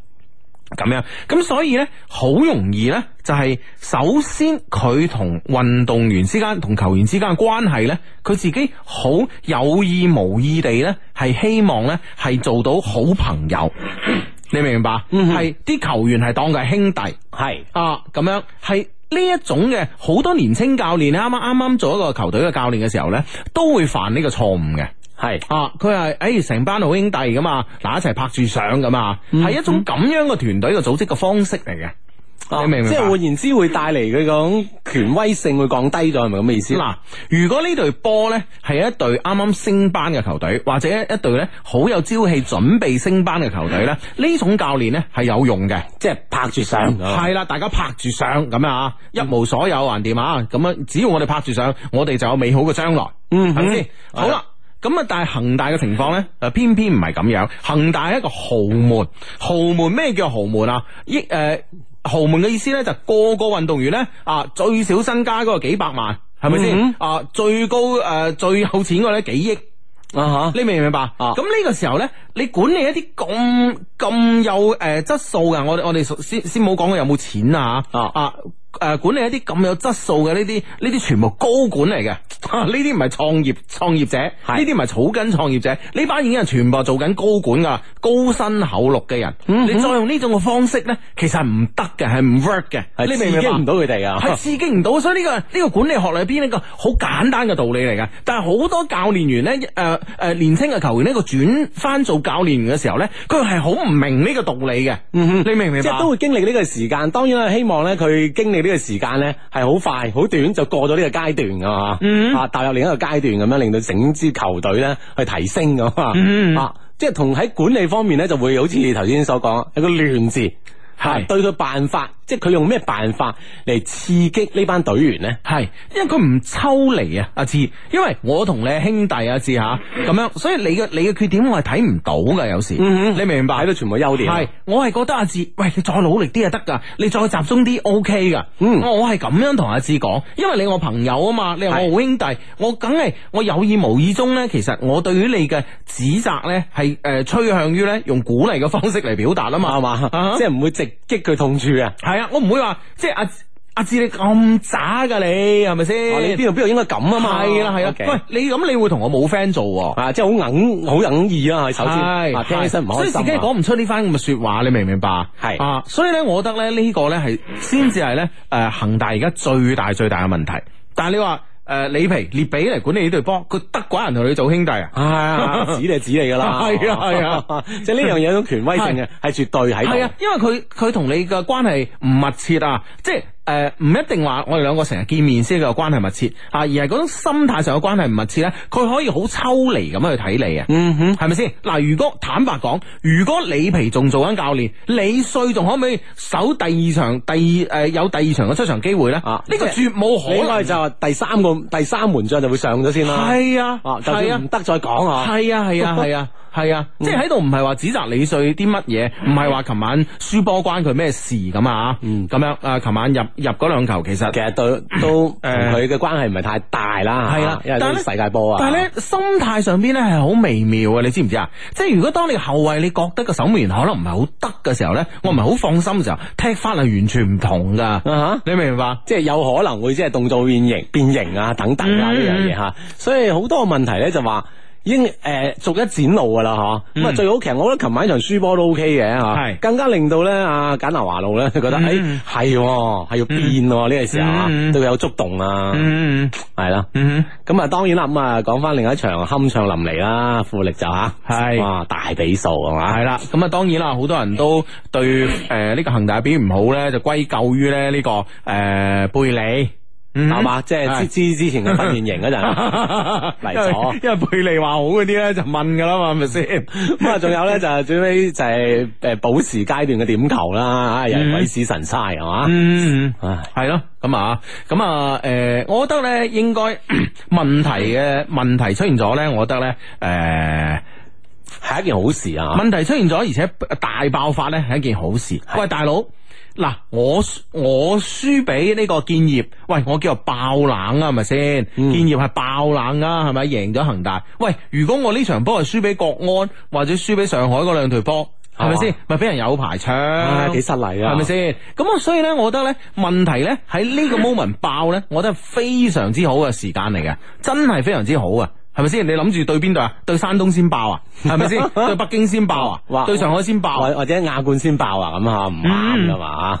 咁樣，咁所以呢，好容易呢，就係首先佢同運動員之間、同球員之間嘅關係呢，佢自己好有意無意地呢，係希望呢，係做到好朋友，你明唔明白？係啲、嗯、哼球員係當佢兄弟，係是啊咁樣，係呢一種嘅好多年青教練啱啱啱啱做一個球隊嘅教練嘅時候呢，都會犯呢個錯誤嘅。係是啊，佢係誒成班好兄弟噶嘛，嗱一齊拍住上咁啊，係一種咁樣嘅團隊嘅組織嘅方式嚟嘅。你明、啊、即係換言之，會帶嚟佢嗰種權威性會降低咗，係咪咁嘅意思？嗱、嗯啊，如果隊呢隊波咧係一隊啱啱升班嘅球隊，或者一隊咧好有朝氣、準備升班嘅球隊咧，呢、嗯、哼種教練咧係有用嘅，即係拍住上。係、嗯、哼啦，大家拍住上咁啊，一無所有還掂啊，咁樣只要我哋拍住上，我哋就有美好嘅將來。嗯哼，係先、嗯哼？好啦。好咁啊！但係恒大嘅情況咧，啊，偏偏唔係咁樣。恒大係一個豪門，豪門咩，叫豪門啊？億誒，豪門嘅意思咧，就個個運動員咧啊，最少身家嗰個幾百萬，係咪先？啊，最高誒，最有錢嗰個咧幾億啊吓？Uh huh. 你明唔明白？咁呢、uh huh. 個時候咧，你管理一啲咁咁有誒質、呃、素嘅，我我哋先先冇講佢有冇錢啊吓啊！Uh huh. 誒、呃，管理一啲咁有質素嘅呢啲呢啲全部高管嚟嘅，呢啲唔係創業創業者，呢啲唔係草根創業者，呢班、嗯、哼已經係全部做緊高管啊，高薪厚祿嘅人，嗯、哼你再用呢種嘅方式咧，其實係唔得嘅，係唔 work 嘅，係刺激唔到佢哋啊，係刺激唔到，所以呢、這個呢、這個管理學裏邊呢個好簡單嘅道理嚟嘅，但係好多教練員咧，誒、呃、誒、呃，年輕嘅球員呢個轉翻做教練員嘅時候咧，佢係好唔明呢個道理嘅，嗯、哼你明唔明？即係都會經歷呢個時間，當然係，希望咧佢經歷。呢個時間咧係好快、好短就過咗呢個階段噶吓，mm hmm. 啊踏入另一個階段咁樣，令到整支球隊咧去提升咁啊，mm hmm. 啊，即係同喺管理方面咧就會好似頭先所講，一個亂字。係對佢辦法，即係佢用咩辦法嚟刺激呢班隊員呢？係，因為佢唔抽離啊，阿志。因為我同你兄弟阿志吓咁樣，所以你嘅你嘅缺點我係睇唔到噶，有時，嗯、你明唔明白？喺度全部優點。係，我係覺得阿志，喂，你再努力啲啊得噶，你再集中啲，OK 噶。OK 嗯、我係咁樣同阿志講，因為你我朋友啊嘛，你我好兄弟，是我梗係我有意無意中呢。其實我對於你嘅指責呢，係誒趨向於呢，用鼓勵嘅方式嚟表達啊嘛，係嘛，即係唔會直。激佢痛處啊！係啊，我唔會話即係阿阿志你咁渣噶你，係咪先？你邊度邊度應該咁啊嘛？係啦係啊，喂，你咁你會同我冇 friend 做喎，啊，啊啊啊啊即係好硬好硬意啊。首先，聽起身唔開心啊，所以自己講唔出呢番咁嘅説話，你明唔明白？係啊，所以咧，我覺得咧呢個咧係先至係咧誒恒大而家最大最大嘅問題。但係你話。誒、呃，李皮、列比嚟管理呢隊波，佢得寡人同你做兄弟啊？係 啊，指你指你噶啦，係啊係啊，即係呢樣嘢有種權威性嘅，係、 啊、絕對喺度。係啊，因為佢佢同你嘅關係唔密切啊，即係。誒，唔、呃、一定話我哋兩個成日見面先佢有關係密切啊，而係嗰種心態上嘅關係唔密切咧，佢可以好抽離咁樣去睇你啊。嗯哼，係咪先？嗱、啊，如果坦白講，如果李皮仲做緊教練，李帥仲可唔可以守第二場第誒、呃、有第二場嘅出場機會咧？啊，呢個絕冇可能就係第三個第三門將就會上咗先啦。係啊，就啊，唔得再講啊。係啊係啊係啊。係啊，即係喺度唔係話指責李帥啲乜嘢，唔係話琴晚輸波關佢咩事咁啊？吓，咁樣誒，琴晚入入嗰兩球其實其實都都同佢嘅關係唔係太大啦，係啦。但係咧世界波啊！但係咧心態上邊咧係好微妙嘅，你知唔知啊？即係如果當你後衛你覺得個守門員可能唔係好得嘅時候咧，我唔係好放心嘅時候，踢翻係完全唔同噶，你明唔明啊？即係有可能會即係動作變形、變形啊等等啊呢樣嘢吓，所以好多問題咧就話。已經誒，逐一展露噶啦嗬。咁啊、嗯，最好其實我覺得琴晚一場輸波都 OK 嘅吓，係是更加令到咧阿、啊、簡南華路咧覺得誒係，係、嗯嗯啊、要變呢、啊嗯嗯、個時候啊，都有觸動啊，係、嗯嗯、啦。咁啊，當然啦，咁啊，講翻另一場酣暢淋漓啦，富力就吓係、啊、是哇大比數係嘛，係、啊、啦。咁啊，當然啦，好多人都對誒呢、呃這個恒大表現唔好咧，就歸咎於咧呢個誒貝里。係嘛，即係之之前嘅訓練營嗰陣嚟咗，因為貝ス 利話好嗰啲咧就問噶啦嘛，係咪先？咁 啊， 仲有咧就最尾就係誒保時階段嘅點球啦，吓又鬼使神差係嘛，嗯，係咯，咁啊，咁啊，誒，我覺得咧應該問題嘅問題出現咗咧，我覺得咧誒係一件好事啊。問題出現咗、呃啊的，而且大爆發咧係一件好事。喂是的 的，大佬。的嗱，我我輸俾呢個建業，喂，我叫做爆冷啊，係咪先？嗯、建業係爆冷啊，係咪贏咗恒大？喂，如果我呢場波係輸俾國安或者輸俾上海嗰兩隊波，係咪先？咪俾、啊、人有排唱，係幾、哎、失禮啊？係咪先？咁啊，所以咧，我覺得咧，問題咧喺呢個 moment 爆咧， 我覺得係非常之好嘅時間嚟嘅，真係非常之好啊！係咪先？你諗住對邊度？啊？對山東先爆啊？係咪先？ 對北京先爆啊？哇！對上海先爆，啊，或者亞冠先爆啊？咁吓唔啱噶嘛？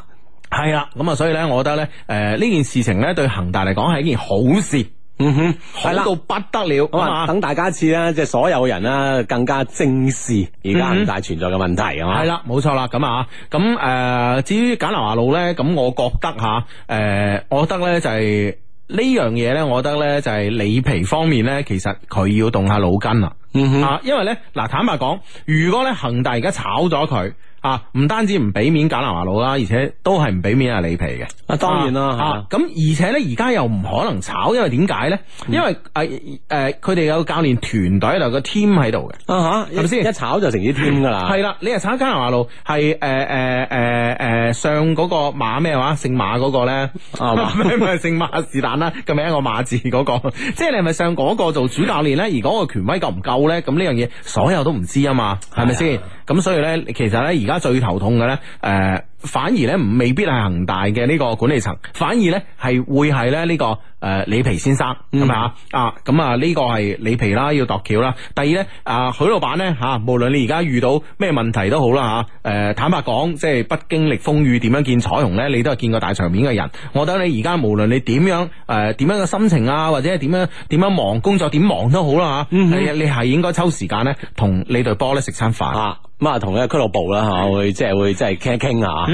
係啦，咁啊、嗯，所以咧，我覺得咧，誒、呃，呢件事情咧，對恒大嚟講係一件好事，嗯哼，好到不得了的吧等大家知啦，即、就、係、是、所有人啦，更加正視而家恒大存在嘅問題啊！係啦、嗯嗯，冇錯啦，咁啊、嗯，咁誒、嗯呃，至於簡南華路咧，咁我覺得吓，誒，我覺得咧、啊呃、就係、是。呢樣嘢咧，我覺得咧就係里皮方面咧，其實佢要動下腦筋啦嗯哼，嚇，因為咧嗱，坦白講，如果咧恒大而家炒咗佢。啊，唔單止唔俾面簡拿華路啦，而且都係唔俾面阿里皮嘅。啊，當然啦吓。咁而且咧，而家又唔可能炒，因為點解咧？因為，誒誒，佢哋有教練團隊同個 team 喺度嘅。啊吓，係咪先？一炒就成啲 team 噶啦。係啦，你係炒簡拿華路，係，誒誒誒誒，上嗰個馬咩話？姓馬嗰個咧，啊唔係姓馬是但啦，咁名一個馬字嗰個，即係你係咪上嗰個做主教練咧？而嗰個權威夠唔夠咧？咁呢樣嘢，所有都唔知啊嘛，係咪先？咁所以咧，其實咧，而家最頭痛嘅咧，誒、呃、反而咧，唔未必係恒大嘅呢個管理層，反而咧，係會係咧呢個。誒，里皮先生，係咪啊？啊，咁啊，呢個係里皮啦，要度橋啦。第二咧，啊，許老闆咧，吓，無論你而家遇到咩問題都好啦，吓，誒，坦白講，即係不經歷風雨，點樣見彩虹咧？你都係見過大場面嘅人。我等你而家，無論你點樣，誒，點樣嘅心情啊，或者係點樣點樣忙工作，點忙都好啦，吓。你你係應該抽時間咧，同你隊波咧食餐飯啊。咁啊，同一個俱樂部啦，吓，會即係會即係傾一傾啊，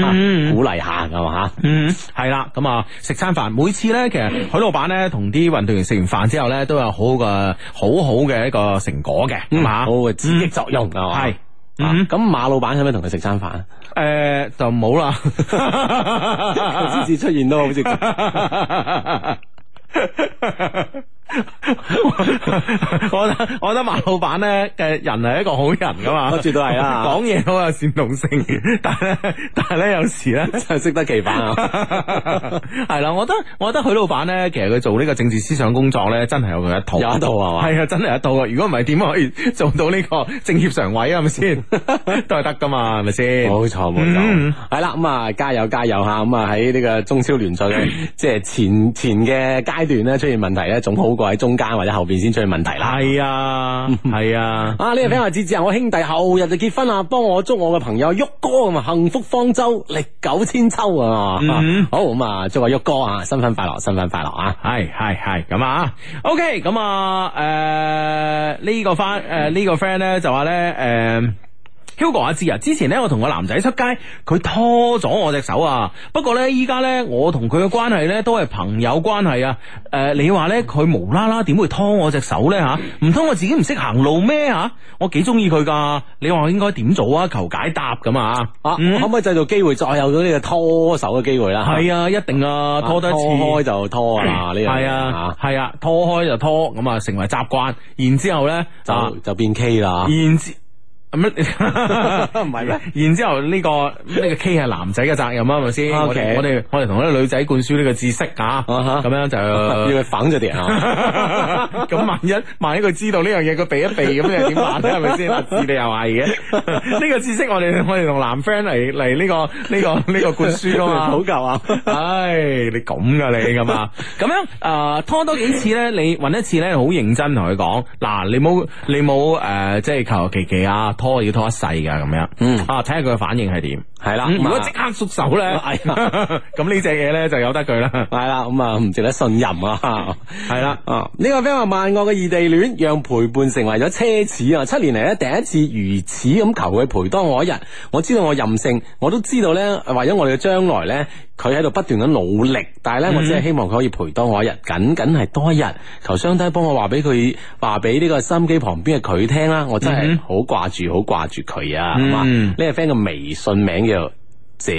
鼓勵下係嘛吓。嗯，係啦，咁啊，食餐飯，每次咧，其實許老闆。玩咧，同啲運動員食完飯之後咧，都有好個好好嘅一個成果嘅，嗯吓，好嘅刺激作用啊，係，咁馬老闆係咪同佢食餐飯？誒、呃，就冇啦，先至出現都好似。 我覺得我覺得馬老闆咧嘅人係一個好人噶嘛， 我絕對係啊！講嘢好有煽動性，但係咧但係咧有時咧就識得忌憚啊！係啦，我覺得我覺得許老闆咧，其實佢做呢個政治思想工作咧、啊， 真係有佢一套，有套啊嘛，係啊，真係一套啊！如果唔係點可以做到呢個政協常委啊？係咪先都係得噶嘛？係咪先？冇錯冇錯，係啦咁啊，加油加油吓！咁啊喺呢個中超聯賽嘅即係前前嘅階段咧出現問題咧，仲好。過喺中間或者後邊先出嚟問題啦，係啊，係啊，啊呢個朋友志志係，我兄弟後日就結婚啊，幫我祝我嘅朋友旭哥咁啊，幸福方舟歷久千秋啊，嘛、嗯。 好咁啊，祝我旭哥啊，新婚快樂，新婚快樂啊，係系係咁啊，OK，咁啊，誒、這、呢個翻誒呢個 friend 咧就話咧誒。呃 Hugo 阿志啊，之前咧我同個男仔出街，佢拖咗我隻手啊。不過咧依家咧我同佢嘅關係咧都係朋友關係啊。誒、呃，你話咧佢無啦啦點會拖我隻手咧吓？唔通我自己唔識行路咩吓？我幾中意佢噶。你話我應該點做啊？求解答咁啊？啊，嗯、可唔可以製造機會再有咗呢個拖手嘅機會啦？係啊，一定啊，拖得一次，開就拖啦。呢 個係啊，係啊，啊，拖開就拖，咁啊成為習慣。然之後咧就就變 K 啦。然之。然咁唔係然之後呢、呢個呢、呢個 K 係男仔嘅責任啊，係咪先？我哋我哋我哋同啲女仔灌輸呢個知識啊，咁、uh huh. 樣就要佢反咗啲啊。咁 萬一萬一佢知道呢樣嘢，佢避一避咁，樣又點辦咧？係咪先？你、啊、又係嘅。呢 個知識我哋我哋同男 friend 嚟嚟呢個呢、呢個呢、呢個灌輸啊嘛，好夠 啊！唉、 哎，你咁噶你咁啊？咁樣啊，拖、呃、多，多幾次咧，你搵一次咧，好認真同佢講嗱，你冇你冇誒、呃，即係求求其其啊！拖要拖一世噶，咁樣，嗯，啊睇下佢嘅反應係點。係啦，嗯、如果即刻縮手咧，哎呀！ 咁呢隻嘢咧就由得佢啦，係啦，咁啊唔值得信任啊，係啦的。呢、uh, 個 friend 話：萬惡嘅異地戀，讓陪伴成為咗奢侈啊！七年嚟咧，第一次如此咁求佢陪多我一日。我知道我任性，我都知道咧，為咗我哋嘅將來咧，佢喺度不斷咁努力，但係咧，我只係希望佢可以陪多我一日，僅僅係多一日。求上帝幫我話俾佢，話俾呢個心機旁邊嘅佢聽啦，嗯、我真係好掛住，好掛住佢啊！嘛、嗯，呢個 friend 嘅微信名。ruled 又這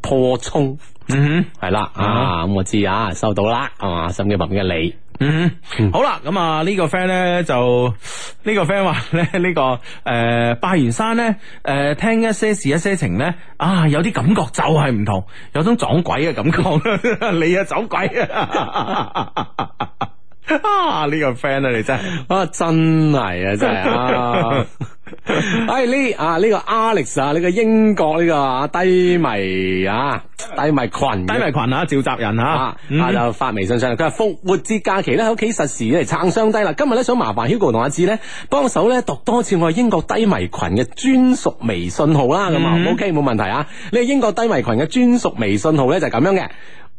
坡蔥，嗯，哼，係啦，啊，咁我知啊，收到啦，係嘛，心機白面嘅你，嗯，哼，嗯、哼好啦，咁啊呢、這個 friend 咧就呢、這個 friend 話咧呢個誒拜完山咧誒、呃、聽一些事一些情咧啊有啲感覺就係唔同，有種撞鬼嘅感覺， 你啊撞鬼啊！ 啊！呢、這個 friend 啊，你真啊真係啊真係啊！哎呢啊呢、 啊這個 Alex 啊呢、這個英國呢個低迷啊低迷群低迷群啊召集人啊啊，啊、嗯、啊就發微信上，嚟。佢話復活節假期咧喺屋企實時嚟撐雙低啦。今日咧想麻煩 Hugo 同阿志咧幫手咧讀多次我英國低迷群嘅專屬微信號啦。咁、嗯、啊，OK 冇問題啊。呢、這個英國低迷群嘅專屬微信號咧就係咁樣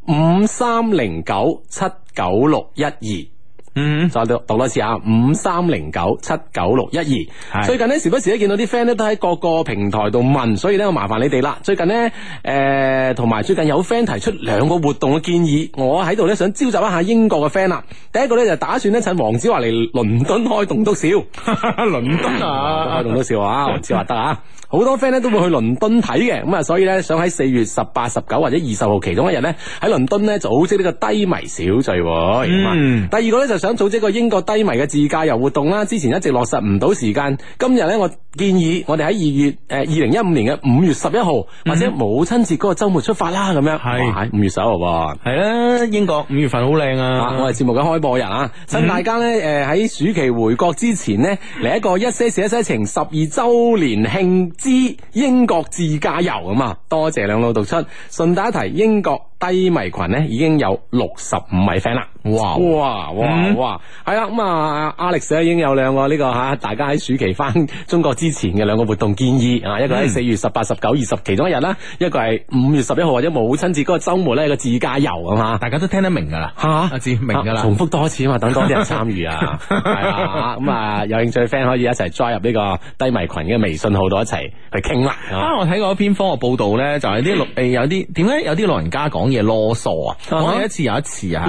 嘅五三零九七九六一二。嗯，mm hmm. 再讀讀多次啊，五三零九七九六一二。的最近呢，時不時咧見到啲 friend 咧都喺各個平台度問，所以咧我麻煩你哋啦。最近呢，誒、呃，同埋最近有 friend 提出兩個活動嘅建議，我喺度咧想召集一下英國嘅 friend 啦。第一個咧就打算咧趁黃子華嚟倫敦開棟篤笑，倫敦啊， 開棟篤笑啊，黃子華得啊，好 多 friend 咧都會去倫敦睇嘅，咁啊，所以咧想喺四月十八、十九或者二十號其中一日咧喺倫敦咧組織呢個低迷小聚會。 第二個咧就，想組織個英國低迷嘅自駕遊活動啦，之前一直落實唔到時間。今日呢，我建議我哋喺二月誒二零一五年嘅五月十一號、嗯、哼或者母親節嗰個周末出發啦，咁樣係是五月十一號係啦，英國五月份好靚啊，啊！我係節目嘅開播日啊，趁大家呢誒喺、呃、暑期回國之前呢，嚟一個一些事一些情十二周年慶之英國自駕遊啊嘛！多謝兩老讀出，順帶一提英國。低迷群咧已經有六十五位 friend 啦，哇哇哇、嗯、哇，係啦，咁啊，Alex 已經有兩個呢、呢個嚇、啊，大家喺暑期翻中國之前嘅兩個活動建議啊，一個喺四月十八、十九、二十其中一日啦、啊，一個係五月十一號或者母親節嗰個週末咧個自駕遊係嘛，啊、大家都聽得、啊啊、明㗎啦嚇，阿明㗎啦，重複多次啊嘛，等，等、啊、多啲人參與 啊，係啊咁啊有興趣 friend 可以一齊 join 入呢個低迷群嘅微信號度一齊去傾啦。啊，啊我睇過一篇科學報道咧，就係啲老誒有啲點解有啲老人家講。囉嗦啊！講一次又一次啊，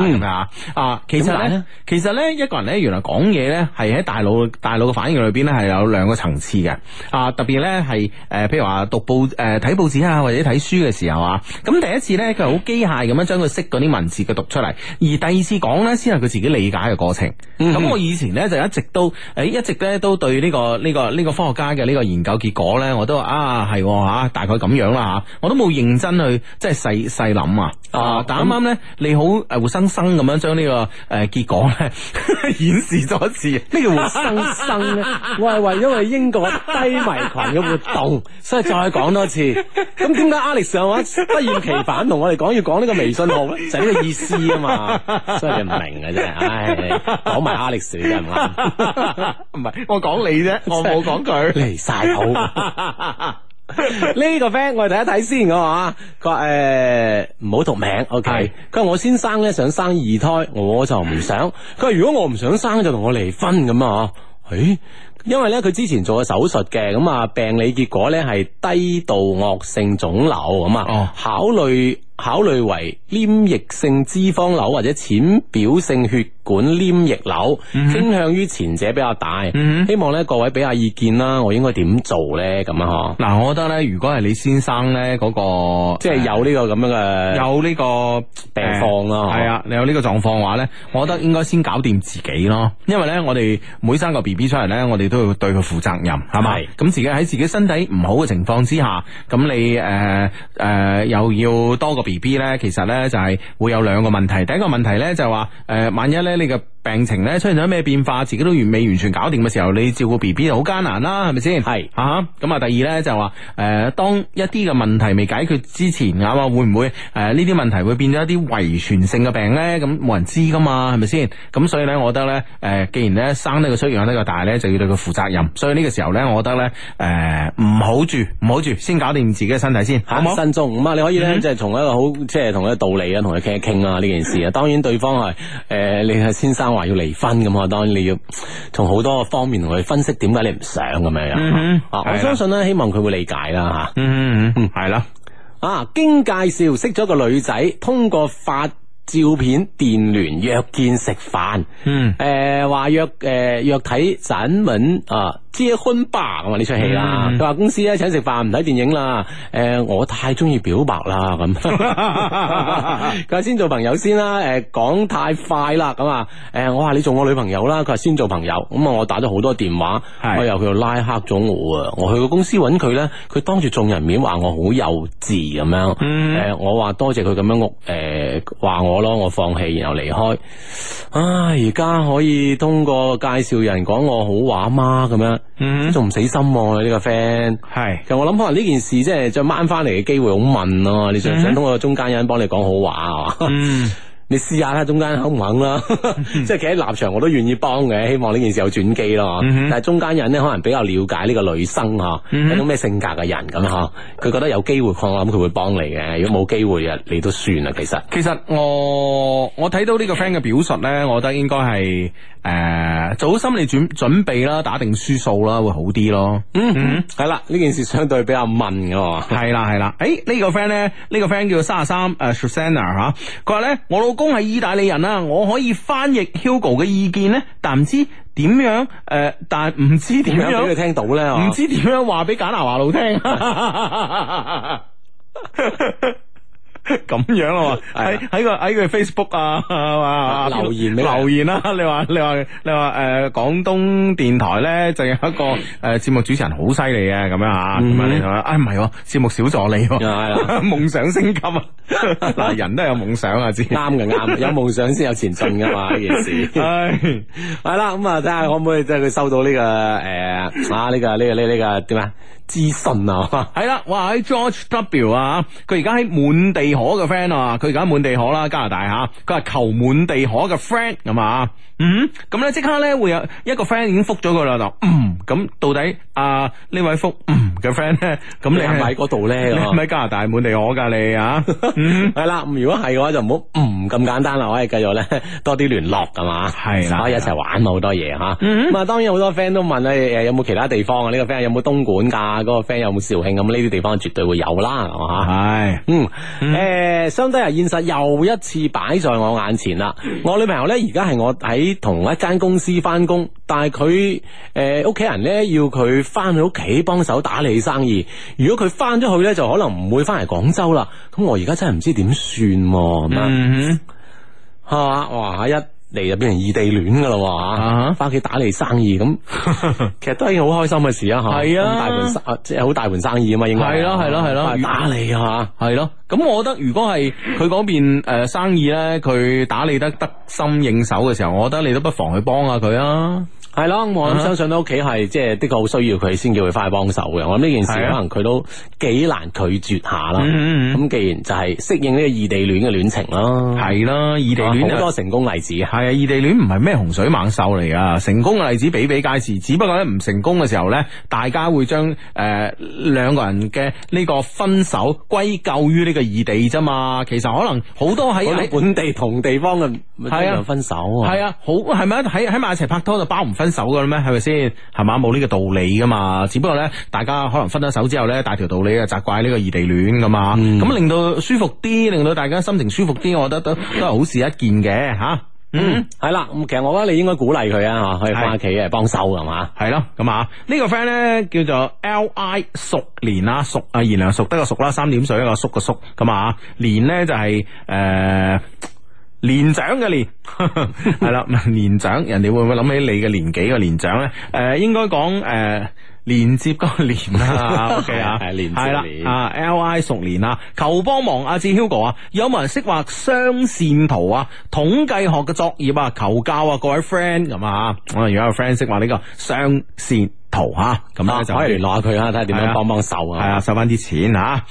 啊、嗯？其實呢，嗯、其實呢，一個人呢，原來講嘢呢，係喺大腦，大腦嘅反應裏邊呢，係有兩個層次嘅。啊，特別呢，係誒，譬如話讀報誒，睇報紙啊，或者睇書嘅時候啊，咁第一次呢，佢係好機械咁樣將佢識嗰啲文字佢讀出嚟，而第二次講呢，先係佢自己理解嘅過程。咁、嗯、哼我以前呢，就一直都誒、哎，一直呢都對呢、這個呢、這個呢、這個科學家嘅呢個研究結果呢，我都話啊係吓、哦，大概咁樣啦吓，我都冇認真去即係細細諗啊。啊！但啱啱咧，嗯、你好誒、啊，活生生咁樣將呢、這個誒、呃、結果咧 顯示咗一次，呢 叫活生生咧？我係為咗我英國低迷群嘅活動，所以再講多次。咁點解 Alex 有話不厭其煩同我哋講要講呢個微信號咧？就呢個意思啊嘛，所以你唔明嘅啫。唉、啊，講埋 Alex 真係，唔啱。唔係我講你啫，我冇講佢嚟晒好。 呢 個 friend 我哋睇一睇先，㗎嘛，佢話誒唔好、呃、讀名，OK？佢話是我先生咧想生二胎，我就唔想。佢話 如果我唔想生，就同我離婚咁啊誒，因為咧佢之前做過手術嘅，咁啊病理結果咧係低度惡性腫瘤咁啊，哦、考慮。考慮為黏液性脂肪瘤或者淺表性血管黏液瘤，傾向於前者比較大。 希望咧各位俾下意見啦，我應該點做咧？咁樣吓嗱，我覺得咧，如果係你先生咧、嗰個，即這個即係有呢個咁樣嘅、呃，有呢、這個、呃、病況房啊，係、呃、啊，你有呢個狀況嘅話咧，我覺得應該先搞掂自己咯。因為咧，我哋每生個 B B 出嚟咧，我哋都要對佢負責任，係咪咁？自己喺自己身體唔好嘅情況之下，咁你誒誒、呃呃呃，又要多個。B B 咧，其實咧就係會有兩個問題，第一個問題咧就係話誒萬一咧你個，病情咧出現咗咩變化，自己都完未完全搞掂嘅時候，你照顧 B B 就好艱難啦，係咪先？係啊是，咁啊，第二咧就話、是，誒、呃，當一啲嘅問題未解決之前啊，會唔會誒呢啲問題會變咗一啲遺傳性嘅病咧？咁、啊、冇人知噶嘛，係咪先？咁、啊、所以咧，我覺得咧，誒、呃，既然咧生得個出，養得個大咧，就要對佢負責任。所以呢個時候咧，我覺得咧，誒、呃，唔好住，唔好住，先搞掂自己嘅身體先。吓，慎重，咁啊，你可以咧，即係從一個好，即、就、係、是、同一個道理啊，同佢傾一傾啊，呢件事啊。 當然對方係，誒、呃，你係先生。話要離婚咁啊，當然你要從好多個方面同佢分析，點解你唔想咁樣樣啊？ 我相信咧， 希望佢會理解啦，吓，係啦。啊，經介紹識咗個女仔，通過發照片、電聯、 呃、約見、食飯，嗯，誒，話約，誒，約睇散文啊。知婚吧嘛呢出戲啦？佢話、嗯、公司咧請食飯唔睇電影啦。誒、呃，我太中意表白啦咁。佢話 先做朋友先啦。誒、呃，講太快啦咁啊。誒、呃，我話你做我女朋友啦。佢話先做朋友。咁、嗯、啊，我打咗好多電話，我是由佢度拉黑咗我啊。我去個公司揾佢咧，佢當住眾人面話我好幼稚咁樣。誒、呃，我話多謝佢咁樣屋。誒、呃，話我咯，我放棄然後離開。唉，而家可以通過介紹人講我好話嗎？咁樣？嗯，仲唔、mm hmm. 死心啊？呢、呢個 friend 係，其實是我諗可能呢件事即係再掹翻嚟嘅機會好問咯，啊，你想唔想通過中間人幫你講好話啊？嗯、mm。Hmm. 你試下啦，中間肯唔肯啦？ 即係企喺立場，我都願意幫嘅。希望呢件事有轉機咯。嗯、哼但係中間人咧，可能比較了解呢個女生嗬，一、嗯、哼種咩性格嘅人咁嗬，佢覺得有機會我諗，佢會幫你嘅。如果冇機會啊，你都算啦。其實其實我我睇到呢個 friend 嘅表述咧，我覺得應該係誒做好心理準準備啦，打定輸數啦，會好啲咯。嗯哼嗯哼，係啦，呢件事相對比較問嘅。係啦係啦，誒、哎這個、呢、這個 friend 咧，呢個 friend 叫三十三誒 Susana 吓，佢話咧我老。老公係意大利人啊，我可以翻譯 Hugo 嘅意見咧，但唔知點樣誒、呃，但係唔知點樣俾佢聽到咧，唔知點樣話俾簡拿華奴聽。 咁樣咯，喺喺個喺佢 Facebook 啊，嘛留言留言啦！你話你話你話誒，廣東電台咧就有一個誒節目主持人好犀利啊咁樣吓，咁啊你話啊唔係，節目小助理，夢想升級啊！嗱，人都有夢想啊，先啱嘅啱，有夢想先有前進噶嘛，呢件事。係係啦，咁啊睇下可唔可以即係佢收到呢個誒啊呢個呢個呢呢個點啊？資深啊，係啦，哇喺 George W 啊，佢而家喺滿地可嘅 friend 啊，佢而家滿地可啦，加拿大吓，佢、啊、係求滿地可嘅 friend 咁啊。嗯，咁咧即刻咧會有一個 friend 已經復咗佢啦，嗱，咁、嗯、到底啊位覆呢位復嘅 friend 咧，咁你係咪嗰度咧？係加拿大滿地可噶你啊？係啦、 嗯， 如果係嘅話就唔好唔咁簡單啦，我哋繼續咧多啲聯絡係嘛，的可以一齊玩好多嘢吓。咁的啊，嗯、當然好多 friend 都問啊，誒、哎、有冇其他地方啊？呢、這個 friend 有冇東莞噶？嗰、那個 friend 有冇肇慶咁？呢啲地方絕對會有啦，係、啊、嘛？唉嗯、誒、嗯欸，相對啊現實又一次擺在我眼前啦。我女朋友咧而家係我喺。同一間公司翻工，但係佢誒，屋企人咧要佢翻去屋企幫手打理生意。如果佢翻咗去咧，就可能唔會翻嚟廣州啦。咁我而家真係唔知點算喎。嗯哼，係嘛、啊？哇！一。嚟就變成異地戀噶咯，吓翻屋企打理生意咁，其實 都係件好開心嘅事啊，吓係啊，大盤生即係好大盤生意啊嘛，應該係咯係咯係咯，啊啊啊啊、打理果啊嘛，係咯，咁我覺得如果係佢嗰邊誒生意咧，佢打理得得心應手嘅時候，我覺得你都不妨去幫下佢啊。係咯，我相信咧，屋企係即係的確好需要佢，先叫佢翻去幫手嘅。我諗呢件事可能佢都幾難拒絕下啦。咁的既然就係適應呢個異地戀嘅戀情啦，係啦，異地戀多成功例子。係啊，異地戀唔係咩洪水猛獸嚟㗎，成功嘅例子比比皆是。只不過咧唔成功嘅時候咧，大家會將誒兩個人嘅呢個分手歸咎於呢個異地啫嘛。其實可能好多喺本地同地方嘅，係啊的分手啊，係啊，好係咪喺喺埋一齊拍拖就包唔分。分手噶啦咩？係咪先？係嘛？冇呢個道理噶嘛？只不過咧，大家可能分咗手之後咧，大條道理啊，責怪呢個異地戀噶嘛？咁、嗯、令到舒服啲，令到大家心情舒服啲，我覺得都都係好事一件嘅吓。啊、嗯，係啦、嗯。咁其實我覺得你應該鼓勵佢啊，吓可以返屋企嘅幫手噶係嘛？係咯。咁啊，呢個 friend 咧叫做 L I 熟年啊，熟啊，賢良熟得個熟啦，三點水一個叔個叔。咁啊，年咧就係、是、誒。呃就是呃年長嘅年，係 啦了， 年長人哋會唔會諗起你嘅年紀嘅年長咧？誒、呃，應該講誒連接個連、 okay、啊，係啦 了，係啦，啊，L I 熟年幫啊，求幫忙阿志 Hugo 啊，有冇人識畫雙線圖啊？統計學嘅作業啊，求教啊，各位 friend 咁啊吓，我如果有 friend 識畫呢個雙線。頭吓，咁咧、啊、就是啊、可以聯絡下佢吓，睇下點樣幫幫手，係啊，收翻啲錢吓。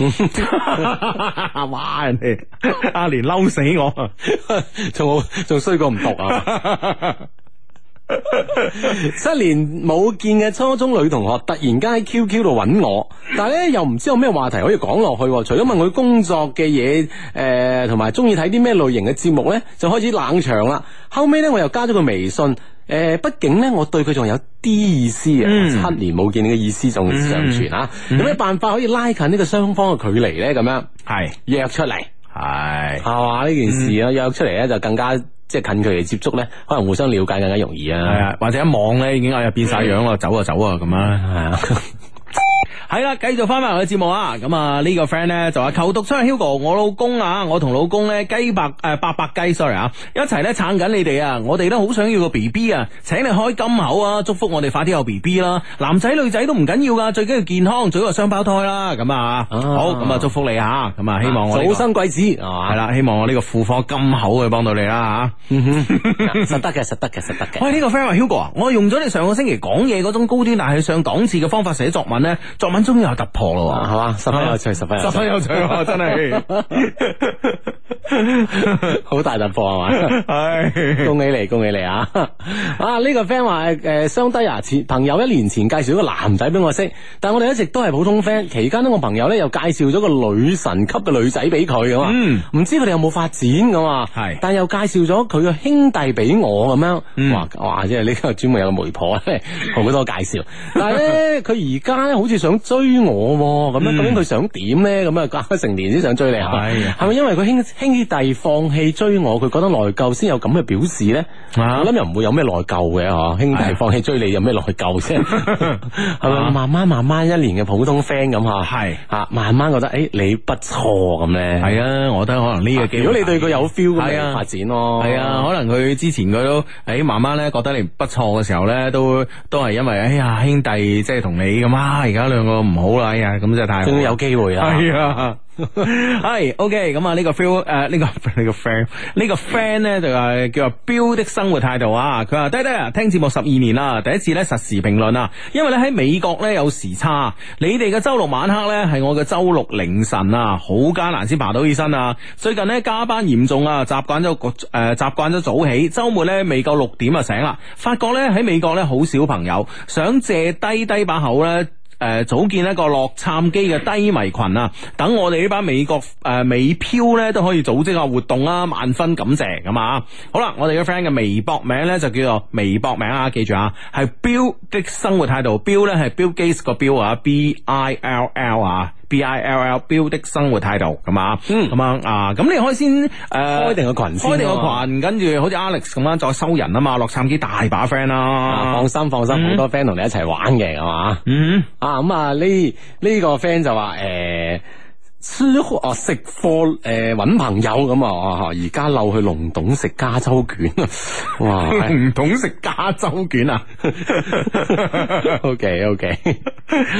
哇！人哋阿 蓮嬲死我，仲仲 衰過唔讀啊！七 年冇見嘅初中女同學突然間喺 QQ 度揾我，但係咧又唔知有咩話題可以講落去，除咗問佢工作嘅嘢，誒、呃，同埋中意睇啲咩類型嘅節目咧，就開始冷場啦。後尾咧我又加咗個微信。誒，畢竟咧，我對佢仲有啲意思啊，嗯、七年冇見你嘅意思仲上傳啊，嗯嗯、有咩辦法可以拉近呢個雙方嘅距離咧？咁樣係約出嚟，係係嘛呢件事啊，約出嚟咧就更加即係近距離接觸咧，可能互相了解更加容易啊。或者一望咧，已經啊變晒樣咯，嗯、走，走啊走啊咁啊。 係啦，繼續翻翻嚟嘅節目啊！咁、這、啊、個，呢個 friend 咧就話求讀出嚟，Hugo，我老公啊，我同老公咧雞白誒八百雞，sorry 啊，一齊咧撐緊你哋啊！我哋都好想要個 BB 啊，請你開金口啊，祝福我哋快啲有 BB 啦！男仔女仔都唔緊要噶，最緊要健康，最好係雙胞胎啦、啊，咁啊、哦、好，咁啊祝福你吓、啊，咁、嗯、啊，啊希望早生貴子係啦，希望我呢個富科金口去幫到你啦吓，實得嘅，實得嘅，實得嘅。喂，呢個 friend 話 Hugo 啊，這個、Hugo, 我用咗你上個星期講嘢嗰種高端但係上檔次嘅方法寫作文咧，作文。作文終於有突破咯，係嘛？十分有趣，十分十分有趣，真係，好大突破係嘛！係， 恭喜你，恭喜你 啊！啊、這個，呢個 friend 話誒，相睇呀朋友一年前介紹咗個男仔俾我識，但我哋一直都係普通 friend。期間呢我朋友咧又介紹咗個女神級嘅女仔俾佢咁嘛，唔、嗯、知佢哋有冇發展咁嘛，係、嗯，但又介紹咗佢嘅兄弟俾我咁樣，哇哇、嗯！即係呢個專門有個媒婆咧，好 多介紹。但係咧，佢而家咧好似想。追我咁樣，究竟佢想點咧？咁啊，隔咗成年先想追你吓，係咪因為佢兄兄弟放棄追我，佢覺得內疚先有咁嘅表示咧？我諗又唔會有咩內疚嘅吓，兄弟放棄追你有咩內疚先？係咪慢慢慢慢一年嘅普通 friend 咁吓？係吓慢慢覺得誒，你不錯咁咧。係啊，我覺得可能呢個機會，如果你對佢有 feel 嘅發展咯，係啊，可能佢之前佢都誒，慢慢咧覺得你不錯嘅時候咧，都都係因為哎呀兄弟即係同你咁啊，而家兩個。唔好啦，哎、呀，家咁真係太好有機會啦，係 OK 咁啊、呃！這個這個這個、呢個 feel 誒，呢個呢個 friend 呢個 friend 呢就係叫做的生活態度啊！佢話低低啊，聽節目十二年啦，第一次呢實時評論啊！因為呢喺美國呢有時差，你哋嘅周六晚黑咧係我嘅周六凌晨啊，好艱難先爬到起身啊！最近咧加班嚴重啊，習慣咗誒習慣咗早起，周末呢未夠六點就醒啦。發覺呢喺美國呢好少朋友想借低低把口咧。誒，組建一個洛杉磯嘅低迷群啊，等我哋呢班美國誒美漂呢都可以組織下活動啊，萬分感謝咁啊！好啦，我哋個 friend 嘅微博名呢就叫做微博名啊，記住啊，係 Bill 嘅生活態度，Bill 呢係 Bill Gates 個 Bill 啊，B I L L 啊。B I L L 標的生活態度，係嘛，嗯？咁樣啊，咁你可以先、誒、呃、開定個羣，開定個群，跟住好似 Alex 咁樣再收人啊嘛，洛杉磯大把 friend 啦，放心放心，好、嗯、多 friend 同你一齊玩嘅，係、啊、嘛，嗯啊？嗯啊，咁啊呢呢個 friend、這個、就話誒。呃食哦食貨誒，搵朋友咁啊，而家漏去龍洞食加州卷啊，哇龍洞食加州卷啊 ok ok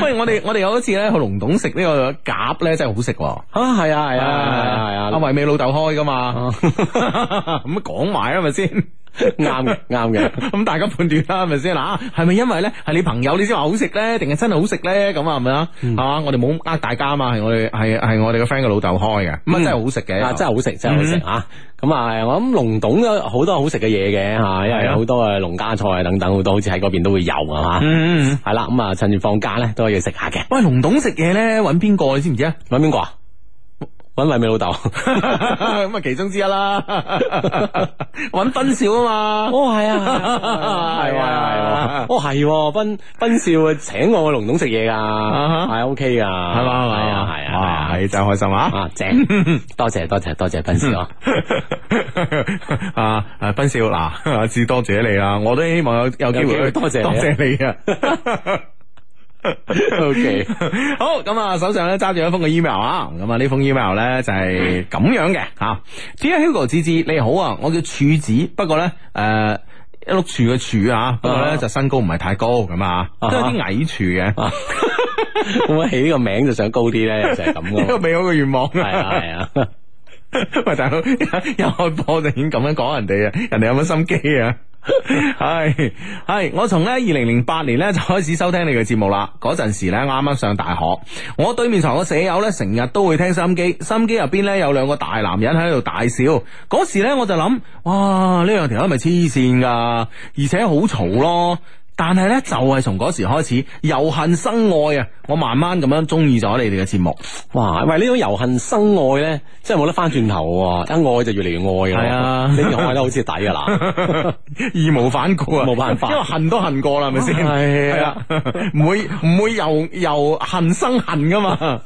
喂 我哋我哋有一次咧去龍洞食呢個夾咧真係好食啊，係啊係啊係 啊阿偉美老豆開噶嘛，咁講埋啊咪先。啱嘅，啱嘅， 咁 大家判斷啦，係咪先？嗱，係咪因為咧，係你朋友你先話好食咧，定係真係好食咧？咁啊，係咪啊？吓，我哋冇呃大家嘛，係我哋係係我哋個 friend 嘅老豆開嘅，咁啊、嗯、真係好食嘅、嗯，真係好食，真係好食吓。咁啊，我諗龍董好多好食嘅嘢嘅吓，嗯、因為好多嘅農家菜等等，好多好似喺嗰邊都會有係嘛。係、啊、啦，咁、嗯、啊、嗯嗯、啊趁住放假咧都可以食下嘅。喂，龍董食嘢咧，搵邊個？你知唔知啊？搵邊個啊？揾埋你老豆，咁啊其中之一啦。揾斌少啊嘛，哦係啊，係啊係係哦係，斌斌少請我龍東食嘢噶，係 O K 噶，係嘛係啊係啊係啊，係真開心啊，正，多謝多謝多謝斌少，啊啊斌少嗱，至多謝你啦，我都希望有有機會去多謝多謝你啊。O、okay. K，好咁啊，手上咧揸住一封嘅 email 啊，咁啊呢封 email 咧就係咁樣嘅吓。 Dear Hugo 芝芝，你好啊，我叫柱子，不過咧誒、呃、一碌柱嘅柱啊，不過咧就身高唔係太高咁啊，uh huh. 都係啲矮柱嘅。會唔會 起呢個名就想高啲咧，就係咁噶嘛。一個美好嘅願望。係啊係啊。 喂，大佬，又開播就，就已經咁樣講人哋啊，人哋有乜心機啊？係係，我從咧二零零八年咧就開始收聽你嘅節目啦。嗰陣時咧，啱啱上大學，我對面床嘅舍友咧成日都會聽收音機，收音機入邊咧有兩個大男人喺度大笑。嗰時咧我就諗，哇，呢兩條係咪黐線噶？而且好嘈咯。但係咧，就係從嗰時開始，由恨生愛啊！我慢慢咁樣中意咗你哋嘅節目，哇！喂，呢種由恨生愛咧，真係冇得翻轉頭啊，一愛就越嚟越愛咯。係啊，你又愛得好似抵噶啦， 義無反顧啊，冇辦法，因為恨都恨過啦，係咪先？係係啊，唔、啊、 會唔會由由恨生恨噶嘛？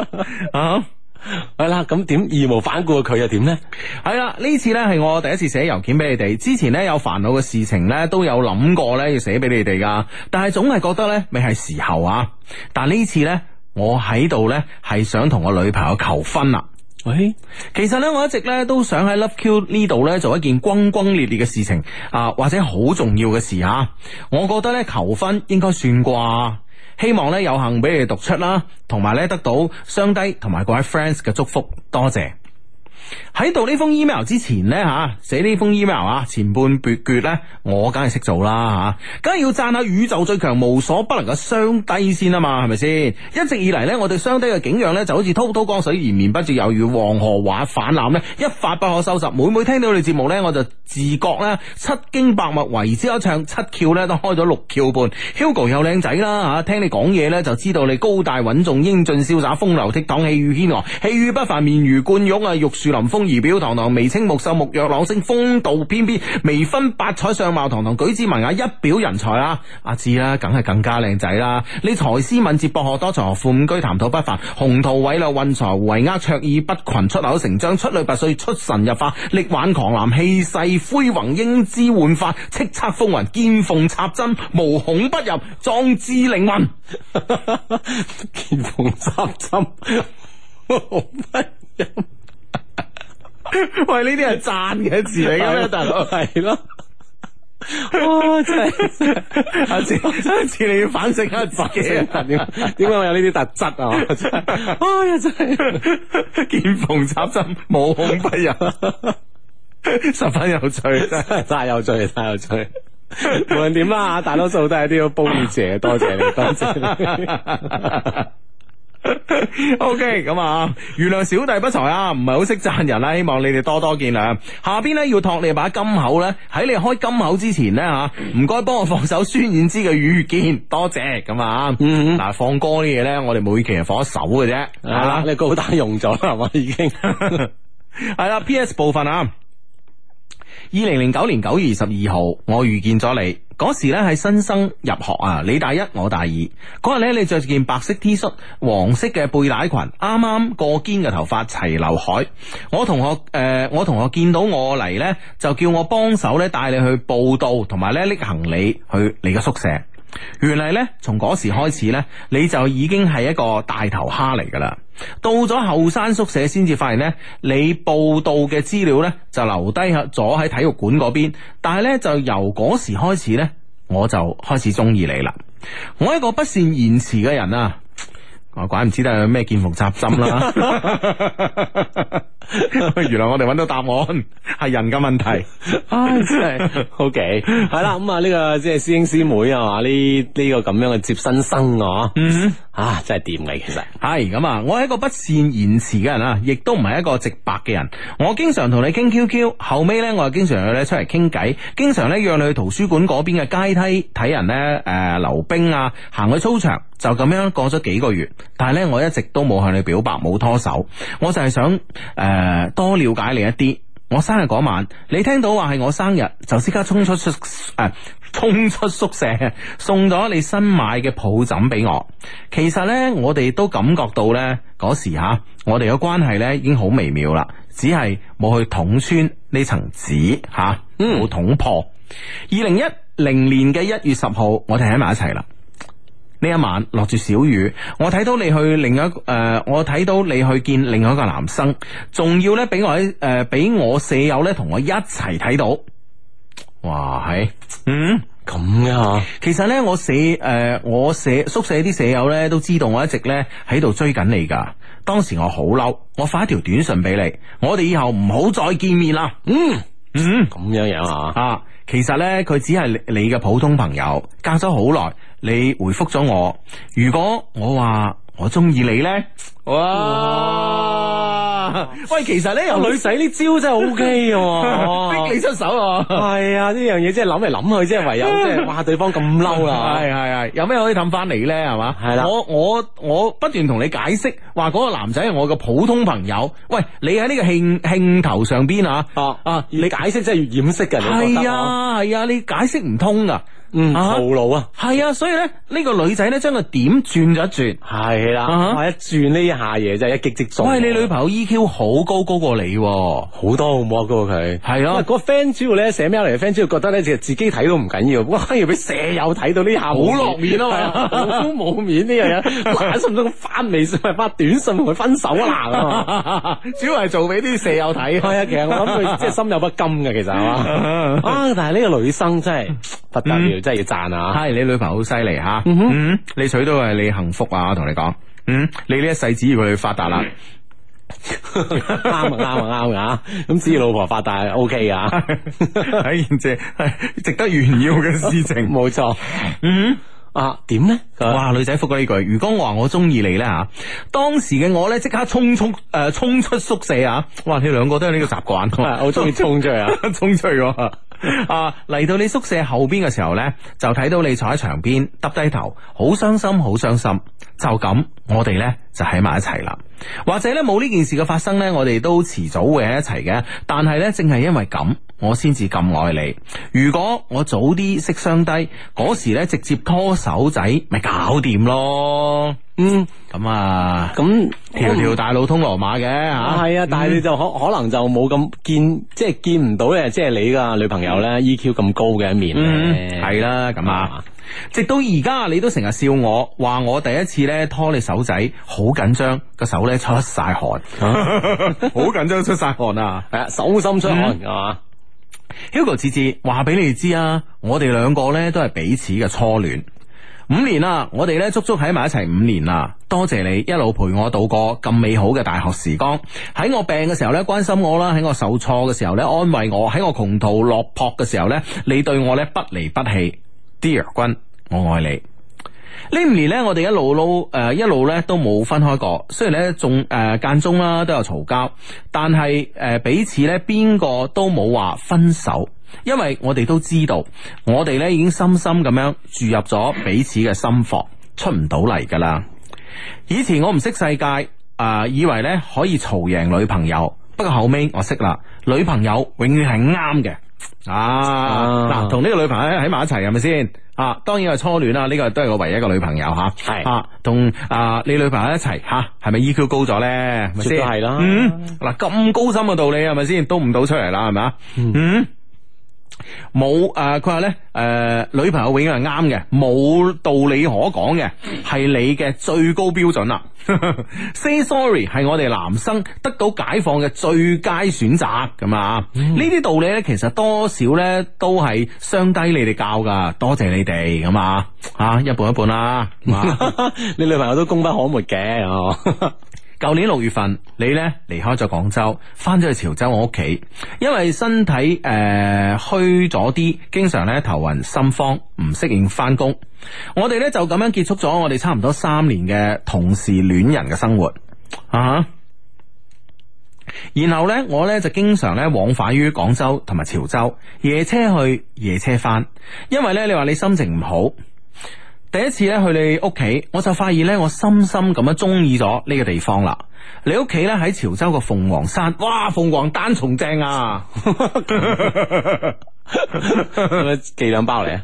啊！係啦，咁點義無反顧佢又點呢？係啦，呢次呢係我第一次寫郵件俾你哋。之前呢，有煩惱嘅事情呢都有諗過呢要寫俾你哋噶，但係總係覺得呢未係時候啊。但呢次呢，我喺度呢係想同我女朋友求婚啦。喂，其實呢，我一直呢都想喺 Love Q 呢度呢做一件轟轟烈烈嘅事情啊，或者好重要嘅事啊。我覺得呢，求婚應該算啩。希望咧有幸俾你哋讀出啦，同埋咧得到雙低同埋各位 friends 嘅祝福，多謝。喺度呢封 email 之前呢，吓、啊，寫呢封 email 啊，前半撇絕呢，我梗係識做啦吓，梗、啊、係要讚下宇宙最強無所不能嘅雙低先啊嘛，係咪先？一直以嚟呢，我哋雙低嘅景仰呢，就好似滔滔江水延綿不絕，猶如黃河畫氾濫呢，一發不可收拾。每每聽到你哋節目呢，我就自覺咧七經百脈為之一唱，七竅呢都開咗六竅半。Hugo 又靚仔啦吓、啊，聽你講嘢呢，就知道你高大穩重、英俊瀟灑、風流倜儻、氣宇軒昂、氣宇不凡、面如、如冠玉啊，玉樹臨。林峰儀表堂堂，眉清目秀，目若朗星，風度翩翩，眉分八彩，相貌堂堂，舉止文雅，一表人才啊！阿志啦，梗係更加靚仔啦！你才思敏捷，博學多才，學富五車，談吐不凡，鴻圖偉略，運籌帷幄，卓爾不群，出口成章，出類拔萃，出神入化，力挽狂瀾，氣勢恢宏，英姿煥發，叱咤風雲，見縫插針，無孔不入，壯志凌雲。見縫插針，喂，呢啲係讚嘅字嚟嘅咩？ 了大佬係咯， 哇！真係，下次 我真係要反省下自己，點點解我有呢啲特質啊？哎 呀，真係 見縫插針，無孔不入， 十分有趣，真係太有趣，太有趣。 無論點啦，大多數都係啲要褒謝，啊、多謝你，多謝你。 O K，咁啊，原諒小弟不才啊，唔係好識讚人啦，希望你哋多多見諒。下邊咧要託你把金口咧，喺你開金口之前咧吓，唔該幫我放首孫燕姿嘅遇見，多謝咁、嗯、哼啊。嗱、啊，放歌啲嘢咧，我哋每期係放一首嘅啫，係啦，你高單用咗啦，係嘛，已經係啦。啊、P S 部分啊。二零零九年九月二十二號，我遇見咗你。嗰時咧係新生入學啊，你大一我大二。嗰日，咧你着住件白色 T 恤，黃色嘅背帶裙，啱啱過肩嘅頭髮齊劉海。我同學誒、呃，我同學見到我嚟，咧，就叫我幫手咧帶你去報到，同埋咧拎行李去你嘅宿舍。原嚟呢，從嗰時開始呢，你就已經係一個大頭蝦嚟噶啦。到咗後生宿舍先至發現呢，你報到嘅資料呢，就留低咗喺體育館嗰邊。但係呢，就由嗰時開始呢，我就開始中意你啦。我一個不善言辭嘅人啊，我怪唔知得有咩見縫插針啦。 原來我哋揾到答案係人嘅問題，唉、 啊、真係，O K 係啦，咁啊呢個即係師兄師妹啊嘛呢呢個咁樣嘅接新生，生啊嗯啊真係掂你。其實係咁啊，我係一個不善言辭嘅人啊，亦都唔係一個直白嘅人，我經常同你傾 Q Q，後尾呢，我又經常咧出嚟傾偈，經常咧約你去圖書館嗰邊嘅階梯睇人咧誒溜冰啊，行去操場就咁樣過咗幾個月，但係呢，我一直都冇向你表白，冇拖手，我就係想誒。呃誒，uh, 多了解你一啲。我生日嗰晚，你聽到話係我生日，就即刻衝出宿誒，衝、呃、出宿舍，送咗你新買嘅抱枕俾我。其實呢，我哋都感覺到呢，嗰時吓、啊，我哋嘅關係呢已經好微妙啦，只係冇去捅穿呢層紙吓，冇、啊、捅破。二零一零年嘅一月十號，我哋喺埋一齊啦。呢一晚落住小雨，我睇到你去另一誒、呃，我睇到你去見另外一個男生，仲要咧俾我誒俾、呃、我舍友咧同我一齊睇到，哇係，哎、嗯咁樣啊，其實呢，我舍誒、呃、我舍宿舍啲舍友咧都知道我一直咧喺度追緊你噶。當時我好嬲，我發一條短信俾你，我哋以後唔好再見面啦，嗯嗯咁樣樣啊。其實咧，佢只係你嘅普通朋友，隔咗好耐，你回覆咗我。如果我話我中意你咧。哇！喂，其實咧，由女仔呢招真係 O K 嘅喎，逼你出手啊！係啊，呢樣嘢真係諗嚟諗去，即係唯有即係哇，對方咁嬲啦，係係係，有咩可以氹翻你咧？係嘛，係啦，我我我不斷同你解釋，話嗰個男仔係我個普通朋友。喂，你喺呢個興興頭上邊啊？啊，你解釋真係越掩飾嘅，係啊係啊，你解釋唔通噶，嗯，套路啊，係啊，所以咧，呢個女仔咧，將個點轉咗一轉，係啦，係一轉呢。下嘢就係一擊即中、啊。喂，你女朋友 EQ 好高高過你、啊，好多好冇啊！佢係啊，個 friend 主要咧寫咩嚟？friend 主要覺得咧，其實自己睇都唔緊要，反而俾舍友睇到呢下，好落面啊嘛，好冇面呢樣嘢。心唔通翻微信咪發短信同佢分手啊嘛？主要係做俾啲舍友睇。係啊，其實我諗佢即係心有不甘嘅，其實係嘛啊！但係呢個女生真係不得了，嗯、真係要讚啊！係你女朋友好犀利吓，嗯、你娶到係你幸福啊！我同你講。嗯，你呢一世只要佢發達啦，啱 啊，啱啊，啱噶，咁只要老婆發達，O K 啊。吓，係一件值得炫耀嘅事情，冇 錯。嗯啊，點咧？哇、啊，女仔複過呢句，如果我話我中意你咧吓、啊，當時嘅我咧即刻衝出誒，衝、呃、出宿舍啊！哇，你兩個都有呢個習慣，係好中意衝出啊，衝、 啊、出去啊！ 啊，嚟到你宿舍後邊嘅時候咧，就睇到你坐喺牆邊，耷低頭，好傷心，好傷心，心，就咁。我哋呢就喺埋一齊啦，或者呢冇呢件事嘅發生呢，我哋都遲早會喺一齊嘅。但係呢，正係因為咁，我先至咁愛你。如果我早啲識相低嗰時呢直接拖手仔咪搞掂咯，嗯啊嗯。嗯，咁啊，咁條條大路通羅馬嘅吓，係、嗯、啊。啊嗯、但係你就可可能就冇咁見，即、就、係、是、見唔到嘅，即係你嘅女朋友呢 EQ 咁高嘅一面。嗯，係啦，咁啊。嗯直到而家，你都成日笑我，話我第一次咧拖你手仔，好緊張，個手咧出晒汗，好緊張出晒汗啊！係手心出汗啊，嗯！Hugo 次次話俾你知啊，我哋兩個咧都係彼此嘅初戀，五年啦，我哋咧足足喺埋一齊五年啦，多謝你一路陪我度過咁美好嘅大學時光，喺我病嘅時候咧關心我啦，喺我受挫嘅時候咧安慰我，喺我窮途落魄嘅時候咧，你對我咧不離不棄。Dear 君，我愛你呢五年咧，我哋一路路誒、呃，一路咧都冇分開過。雖然咧仲誒間中啦都有嘈交，但係誒、呃、彼此咧邊個都冇話分手，因為我哋都知道，我哋咧已經深深咁樣注入咗彼此嘅心房，出唔到嚟噶啦。以前我唔識世界，誒、呃、以為咧可以嘈贏女朋友，不過後尾我識啦，女朋友永遠係啱嘅。啊，嗱，同呢個女朋友喺埋一齊係咪先？啊，當然係初戀啦，呢、這個都係我唯一一個女朋友吓。係、啊，同是啊、呃、你女朋友一齊吓，係咪 EQ 高咗咧？咪先係啦，嗱咁、嗯啊、高深嘅道理係咪先都唔到出嚟啦？係咪啊？嗯。嗯冇誒，佢話咧誒，女朋友永遠係啱嘅，冇道理可講嘅，係你嘅最高標準啦。 Say sorry 係我哋男生得到解放嘅最佳選擇咁啊！呢啲道理咧，其實多少咧都係傷低你哋教噶，多謝你哋咁啊！啊，一半一半啦， 你女朋友都功不可沒嘅哦。 舊年六月份，你呢，離開咗廣州，翻咗去潮州我屋企，因為身體誒虛咗啲，經常呢頭暈心慌，唔適應翻工。我哋呢就咁樣結束咗我哋差唔多三年嘅同事戀人嘅生活啊。Uh huh. 然後呢，我呢就經常呢往返於廣州同埋潮州，夜車去，夜車翻，因為呢，你話你心情唔好。第一次咧去你屋企，我就發現咧，我深深咁樣中意咗呢個地方啦。你屋企咧喺潮州個鳳凰山，哇鳳凰單叢正啊！ 是是寄兩包嚟啊，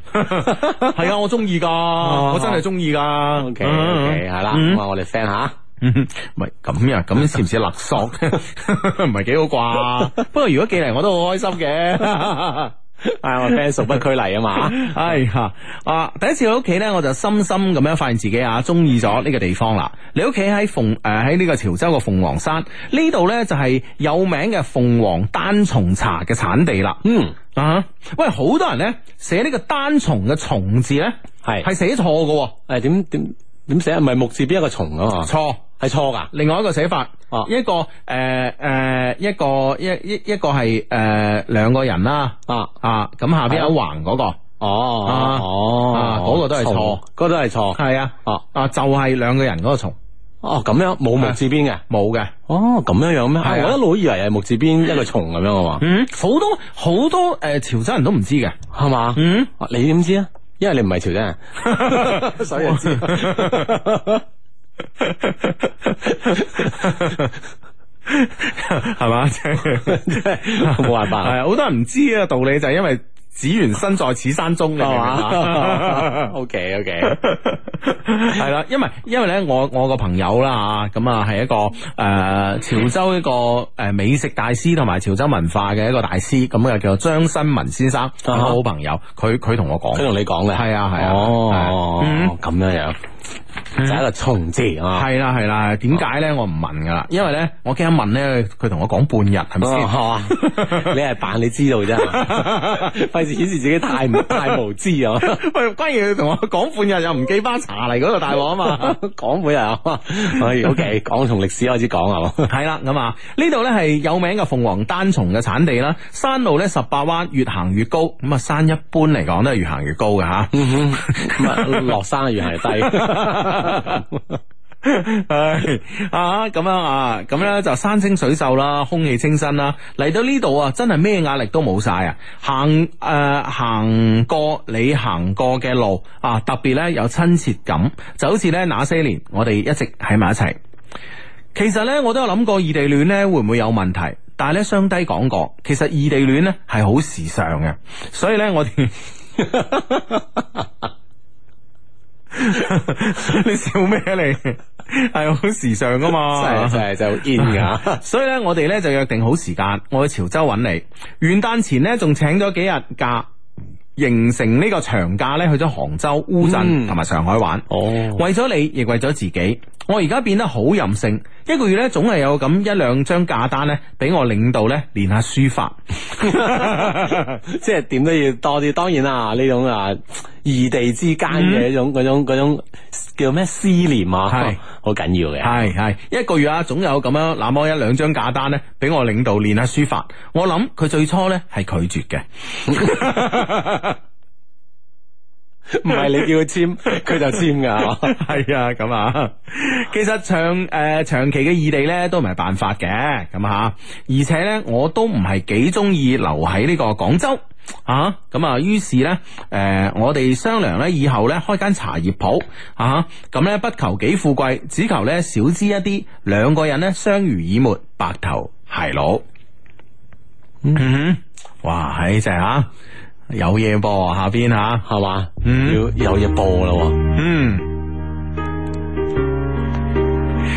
係 啊，我中意噶，啊、我真係中意噶。啊、OK OK，係啦，咁啊，我哋 friend 下。唔係咁樣，咁似唔似勒索？唔係幾好啩？ 不過如果寄嚟，我都好開心嘅。 係我 friend 屬不拘禮啊嘛， 哎呀啊！第一次去屋企咧，我就深深咁樣發現自己啊，中意咗呢個地方啦，啊。你屋企喺鳳誒喺呢個潮州嘅鳳凰山呢度咧，就係、是、有名嘅鳳凰單叢茶嘅產地啦。嗯啊，喂，好多人咧寫呢寫個單叢嘅叢字咧，係係寫錯嘅。誒，點點點寫？唔係木字邊一個叢啊嘛？錯，啊。係錯噶，另外一個寫法，啊一個呃，一個誒誒一個一一一個係誒兩個人啦，啊啊咁下邊有橫嗰個，哦哦，嗰個都係錯，嗰個都係錯，係啊，啊啊就係兩個人嗰個蟲，哦咁樣冇木字邊嘅，冇嘅，哦咁樣樣咩？係我一路以為係木字邊一個蟲咁樣啊嘛，嗯，好多好多誒潮州人都唔知嘅，係嘛，嗯，你點知啊？因為你唔係潮州人，所以我知。係 嘛 是吧？即係冇辦法，係好多人唔知呢個。 道理就因為只緣身在此山中啊嘛。OK，OK，係啦，因為因為咧，我我個朋友啦吓，咁啊係一個誒潮州一個誒美食大師同埋潮州文化嘅一個大師，咁啊叫張新文先生，我、啊、哈好朋友，佢佢同我講，佢同你講嘅，係啊係啊，啊哦咁 樣樣。就喺度重謝啊！係啦係啦，點解咧？我唔問噶，因為咧，我驚一問咧，佢同我講半日係咪先？你係扮你知道啫，費事顯示自己太無 太無知啊！ 喂，關鍵佢同我半 講半日又唔記翻茶嚟嗰度大鑊啊嘛！講半日啊，可 以 OK，講從歷史開始講係嘛？係啦咁啊，呢度咧係有名嘅鳳凰單叢嘅產地啦。山路咧十八彎，越行越高。咁啊，山一般嚟講都係越行越高嘅嚇。咁啊，落 山越行越低，低。 係、 哎、啊，咁樣啊，咁咧、啊、就山清水秀啦，空氣清新啦，嚟到呢度啊，真係咩壓力都冇晒啊！行誒、呃，行過你行過嘅路啊，特別咧有親切感，就好似咧那些年我哋一直喺埋一齊。其實咧，我都有諗過異地戀咧會唔會有問題，但係咧雙低講過，其實異地戀咧係好時尚嘅，所以咧我哋。 你笑咩？你係好時尚噶嘛？真係真係噶。所以咧，我哋咧就約定好時間，我去潮州揾你。元旦前呢，仲請咗幾日假，形成呢個長假咧，去咗杭州、烏鎮同埋上海玩。嗯、哦，為咗你，亦為咗自己，我而家變得好任性。一個月咧，總係有咁一兩張假單咧，俾我領導咧練下書法， 即係點都要多啲。當然啦、啊，呢種啊異地之間嘅一種嗰種嗰種，種叫咩思念啊，好緊係、啊、要嘅。係係，一個月啊，總有咁樣那麼一兩張假單咧，俾我領導練下書法。我諗佢最初咧係拒絕嘅。 唔係 你叫佢簽，佢就簽噶，係啊咁啊。其實長誒、呃、長期嘅異地咧，都唔係辦法嘅。咁吓，而且咧，我都唔係幾中意留喺呢個廣州啊。咁、呃、啊，於是咧，誒，我哋商量咧，以後咧開間茶葉鋪啊。咁咧不求幾富貴，只求咧小資一啲，兩個人咧相濡以沫，白頭偕老。嗯， 哇，喺正啊！有嘢播下邊吓，係嘛？要、mm hmm. 有嘢播啦。嗯、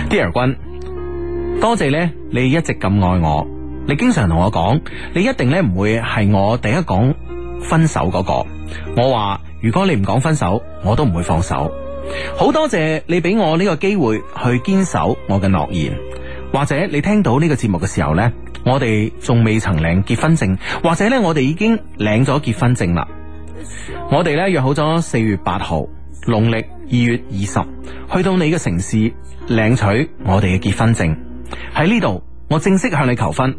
mm.，Dear 君，多謝咧，你一直咁愛我，你經常同我講，你一定咧唔會係我第一講分手嗰個。我話如果你唔講分手，我都唔會放手。好多謝你俾我呢個機會去堅守我嘅諾言，或者你聽到呢個節目嘅時候咧。我哋仲未曾領結婚證，或者咧我哋已經領咗結婚證啦。我哋咧約好咗四月八號，農曆二月二十，去到你嘅城市領取我哋嘅結婚證。喺呢度，我正式向你求婚，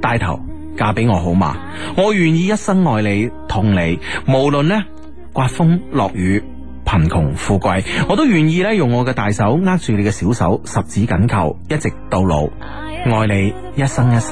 帶頭嫁俾我好嗎？我願意一生愛你、同你，無論咧颳風落雨。貧窮富貴，我都願意咧用我嘅大手握住你嘅小手，十指緊扣，一直到老，愛你一生一世。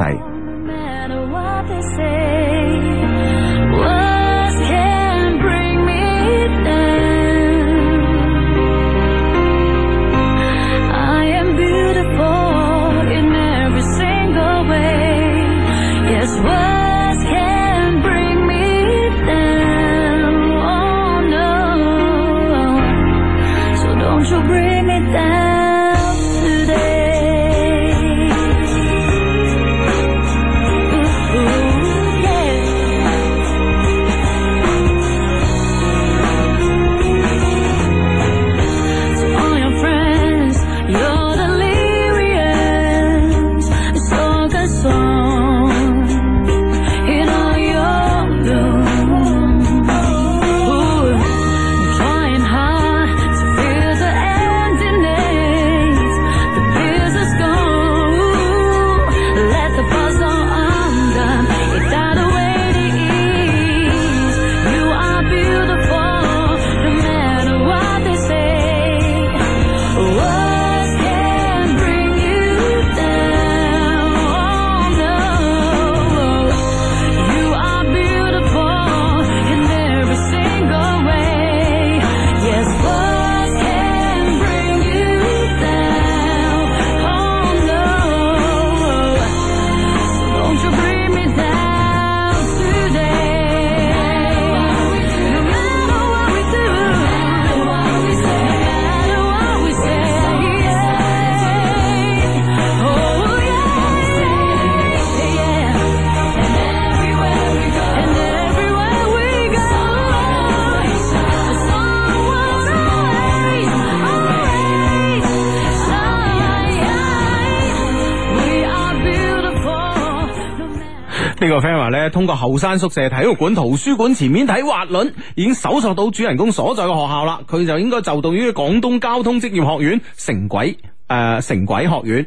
呢個 friend 咧，通過後山宿舍體育館、圖書館前面睇滑輪，已經搜索到主人公所在嘅學校啦。佢就應該就讀於廣東交通職業學院城軌。誒，城軌、呃、學院，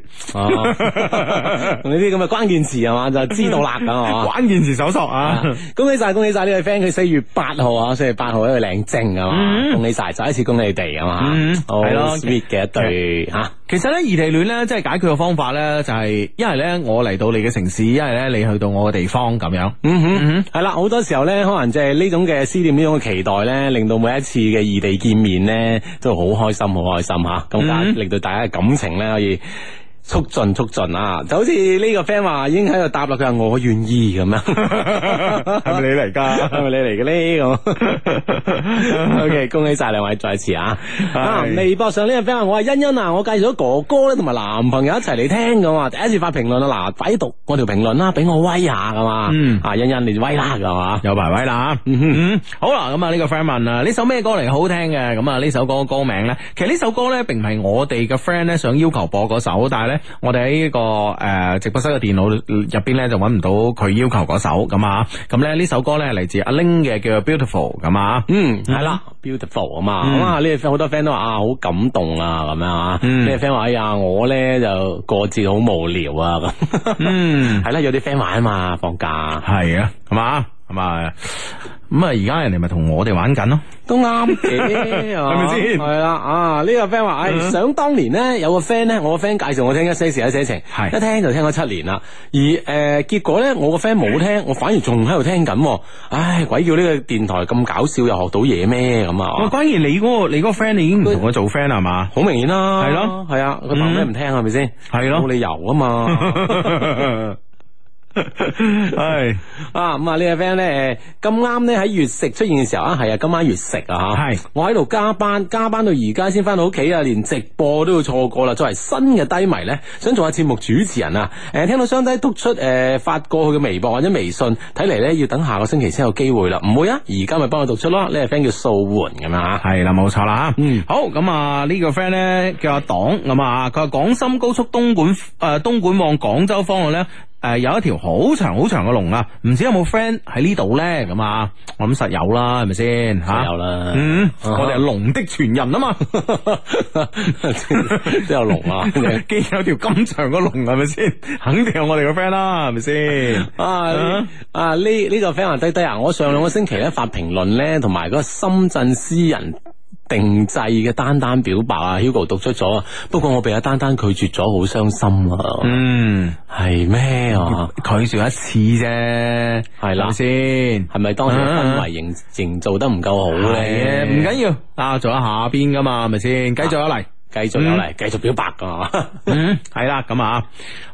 同呢啲咁嘅關鍵詞係嘛，就知道啦咁啊。 關鍵詞搜索啊， 恭喜晒，恭喜晒呢位 friend 佢四月八號啊，四月八號喺度領證係嘛，mm hmm. 恭喜晒，再一次恭喜你哋係嘛，係、mm hmm. 好咯 sweet 嘅一對吓 Yeah.、啊。其實咧異地戀咧，即係解決嘅方法咧，就係一係咧我嚟到你嘅城市，一係咧你去到我嘅地方咁樣。嗯哼、mm，係啦，好多時候咧，可能即係呢種嘅思念，呢種嘅期待咧，令到每一次嘅異地見面咧，都好開心，好開心吓。咁令到大家感感情咧可以。 促進促進啊，就好似呢個 friend 話已經喺度答啦，佢話我願意咁樣，係 咪 你嚟噶？係咪你嚟嘅呢？咁 OK，恭喜晒兩位再次啊！微是、啊、博上呢個 friend 話，我係欣欣啊，我介紹咗哥哥咧同埋男朋友一齊嚟聽咁啊，第一次發評論啊，嗱、啊，快啲讀我條評論啦，俾我威下噶嘛，嗯、啊，欣欣你威啦噶嘛，有排威啦、啊嗯嗯，好啦，咁啊呢個 friend 問啊，首呢首咩歌嚟？好聽嘅，咁啊呢首歌嘅歌名咧，其實呢首歌咧，並唔係我哋嘅 friend 咧想要求播嗰首，但係我哋喺呢個誒直播室嘅電腦入邊咧就揾唔到佢要求嗰首咁啊，咁咧呢首歌咧嚟自阿 Ling 嘅叫做 Beautiful 咁啊，mm hmm. 嗯係啦 Beautiful、嗯、啊嘛，咁啊呢好多 friend 都話啊好感動啊咁啊，呢個 friend 話哎呀我咧就過節好無聊啊咁，嗯係 啦有啲 friend 玩啊嘛放假係、嗯、啊，咁啊。咁啊，咁啊，而家人哋咪同我哋玩緊咯，都啱嘅，係咪先？係啦，啊呢個 friend 話，唉，想當年咧，有個 friend 咧，我個 friend 介紹我聽一些事，一些情，係一聽就聽咗七年啦。而誒，結果咧，我個 friend 冇聽，我反而仲喺度聽緊。唉，鬼叫呢個電台咁搞笑，又學到嘢咩咁啊？關於你嗰個你嗰個 friend，你已經唔同我做 friend 啦嘛？好明顯啦，係咯，係啊，佢憑咩唔聽啊？係咪先？係咯，冇理由啊嘛。係 是啊，咁、這、啊、個、呢個 friend 咧咁啱咧喺月食出現嘅時候啊，係啊今晚月食啊吓，係是我喺度加班，加班到而家先翻到屋企啊，連直播都要錯過啦。作為新嘅低迷咧，想做下節目主持人啊，誒、呃、聽到雙低督出誒、呃、發過去嘅微博或者微信，睇嚟咧要等下個星期先有機會啦，唔會啊，而家咪幫我讀出咯。呢、這個 friend 叫素媛咁啊，係啦冇錯啦，嗯好咁啊、這個、呢個 friend 咧叫阿黨咁啊，佢話廣深高速東莞誒、呃、東莞往廣州方向咧。誒、呃，有一條好長好長嘅龍啊，唔知有冇 friend 喺呢度咧？咁啊，我諗實有啦，係咪先？實有啦，啊、嗯，嗯嗯我哋係龍的傳人啊嘛，都 有龍龍啊，既然 有條咁長嘅龍係咪先？是是 肯定有我哋嘅 friend 啦，係咪先？啊啊，呢呢個 friend 阿低低啊，我上兩個星期咧發評論咧，同埋個深圳私人。定製嘅丹丹表白啊，Hugo 讀出咗，不過我俾阿丹丹拒絕咗，好傷心啊！嗯，係咩啊？拒絕一次啫，係咪先？係咪當時氛圍營營造得唔夠好咧？唔緊要，啊，做下下邊噶嘛，係咪先？繼續落嚟。繼續有嚟，嗯、繼續表白噶，係 啦，嗯，咁 啊，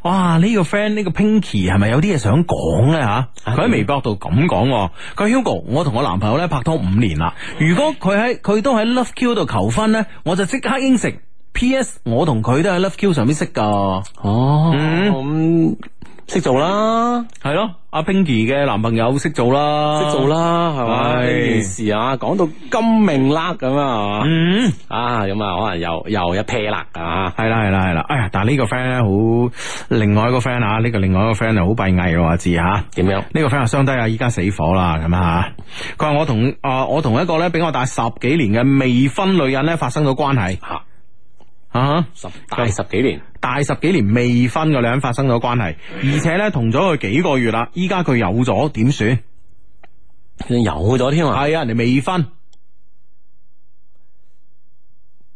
哇，這個這個，Pinky, 係係呢個 friend 呢個 Pinky 係咪有啲嘢想講咧吓？佢喺 微博度咁講，佢 Hugo，我同我男朋友咧拍拖五年啦。如果佢喺佢都喺 Love Q 度求，求婚咧，我就即刻應承。P.S. 我同佢都喺 Love Q 上面識噶。哦。嗯嗯識做啦，係咯，阿 Pinky 嘅男朋友識做啦，識做啦，係咪？呢件事啊，講到金命甩咁啊，嗯啊，咁啊，可能又又一撇啦，係啦係啦係啦，哎呀，但係呢個 friend 咧好，另外一個 friend 啊，呢個另外一個 friend 又好閉翳喎，我知吓，點樣？呢個 friend 又相低啊，依家死火啦，咁啊佢話我同啊我同一個咧比我大十幾年嘅未婚女人咧發生咗關係。啊啊！Uh huh. 大十幾年，大十幾年未婚嘅女人發生咗關係，而且咧同咗佢幾個月啦，依家佢有咗點算？有咗添啊！係啊，人哋未婚，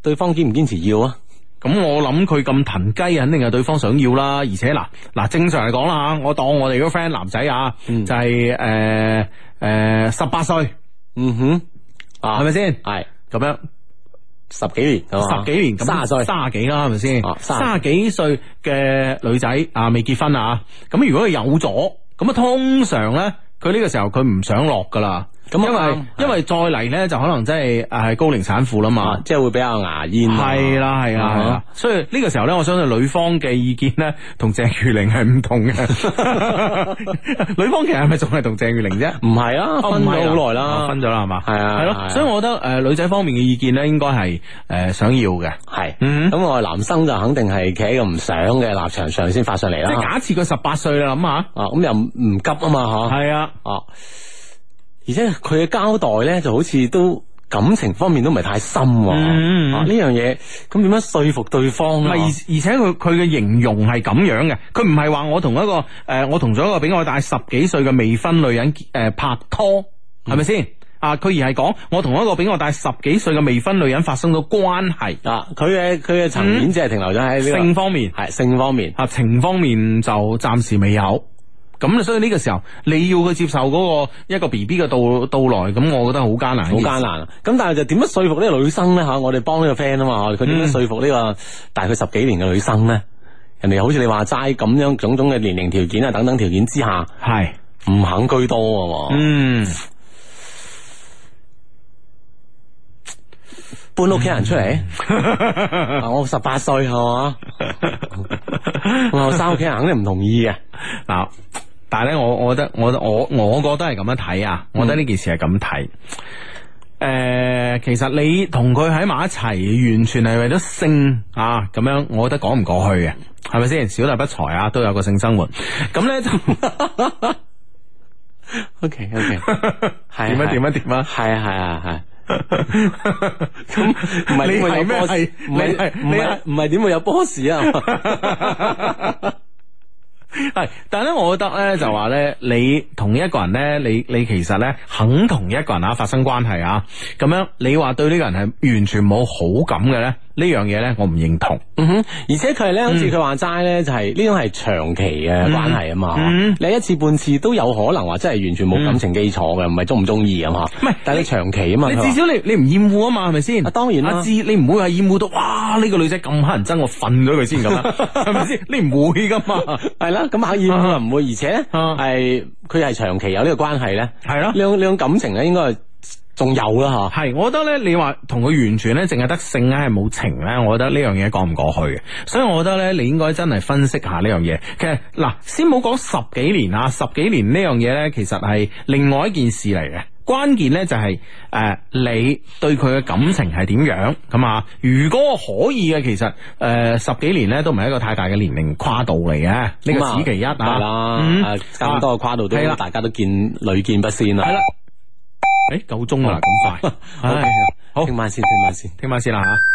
對方堅唔堅持要啊？咁、嗯、我諗佢咁騰雞，肯定係對方想要啦。而且嗱嗱、啊啊，正常嚟講啦，我當我哋個 friend 男仔啊，嗯、就係誒誒十八歲，呃呃、歲嗯哼，係咪先？係咁是樣。十幾年，吧十幾年咁三十歲卅幾啦，係咪先？三十幾歲嘅女仔啊，未結婚啊，咁如果佢有咗，咁啊通常咧，佢呢個時候佢唔想落噶啦。因為因為再嚟咧，就可能真係誒，高齡產婦啦嘛，即係會比較牙煙。係啦，係啦，係啦。所以呢個時候咧，我相信女方嘅意見咧，同鄭月玲係唔同嘅。女方其實係咪仲係同鄭月玲啫？唔係啊，分咗好耐啦，分咗啦，係嘛？係啊，係咯。所以我覺得誒，女仔方面嘅意見咧，應該係誒，想要嘅。係，咁我哋男生就肯定係企喺個唔想嘅立場上先發上嚟啦。即係假設佢十八歲啦，諗下啊，咁又唔急啊嘛，吓，係啊，哦。而且佢嘅交代呢，就好似都感情方面都唔係太深啊！呢樣嘢咁點樣說服對方，啊？唔係，而而且佢佢嘅形容係咁樣嘅，佢唔係話我同一個誒、呃，我同咗一個比我大十幾歲嘅未婚女人誒、呃、拍拖，係咪先？啊、嗯，佢而係講我同一個比我大十幾歲嘅未婚女人發生咗關係啊！佢嘅佢嘅層面只係停留咗喺，這個嗯，性方面，係性方面啊，情方面就暫時未有。咁啊，所以呢個時候你要去接受嗰個一個 B B 嘅到到，到來，咁我覺得好艱難。好艱難。咁 但係就點樣說服呢個女生咧？吓，我哋幫呢個 friend 啊嘛，佢點樣說服呢個大概十幾年嘅女生咧？人哋好似你話齋咁樣種種嘅年齡條件啊，等等條件之下，係唔是肯居多嘅。嗯，搬屋企人出嚟， 我十八歲係嘛，我生屋企人肯定唔同意嘅嗱。 但係咧，我我覺得我我我覺得係咁樣睇啊，我覺得呢件事係咁睇。誒，其實你同佢喺埋一齊，完全係為咗性啊，咁樣我覺得講唔過去嘅，係咪先？小弟不才啊，都有個性生活。咁咧就，OK OK，點樣點樣點樣，係啊係啊係。咁唔係你係咩？係你係唔係唔係點會有 boss 啊？係，但係咧，我覺得咧就話咧，你同一個人咧，你你其實咧肯同一個人啊發生關係啊，咁樣你話對呢個人係完全冇好感嘅咧？呢樣嘢咧，我唔認同。而且佢係咧，好似佢話齋咧，就係呢種係長期嘅關係啊嘛。你一次半次都有可能話，真係完全冇感情基礎嘅，唔係中唔中意啊嘛。唔係，但係你長期啊嘛。你至少你你唔厭惡啊嘛，係咪先？當然啦，至你唔會係厭惡到哇呢個女仔咁乞人憎，我瞓咗佢先咁，係咪先？你唔會噶嘛，係啦。咁啊，可以唔會？而且係佢係長期有呢個關係咧，係咯。呢種呢種感情咧，應該係。仲有啦、啊、吓，係我覺得咧，你話同佢完全咧，淨係得性咧，係冇情咧，我覺得呢樣嘢講唔過去嘅。所以我覺得咧，你應該真係分析下呢樣嘢。其實嗱，先唔好講十幾年啊，十幾年呢樣嘢咧，其實係另外一件事嚟嘅。關鍵咧就係、是、誒、呃，你對佢嘅感情係點樣咁啊？如果可以嘅，其實誒、呃、十幾年咧都唔係一個太大嘅年齡跨度嚟嘅。呢個麼此其一啊，啦，咁、嗯啊、多跨度都大家都見屢見不鮮啦。呃誒，夠鐘啦，咁 快，係，好，聽晚先，好先，聽晚先， 聽晚先啦吓。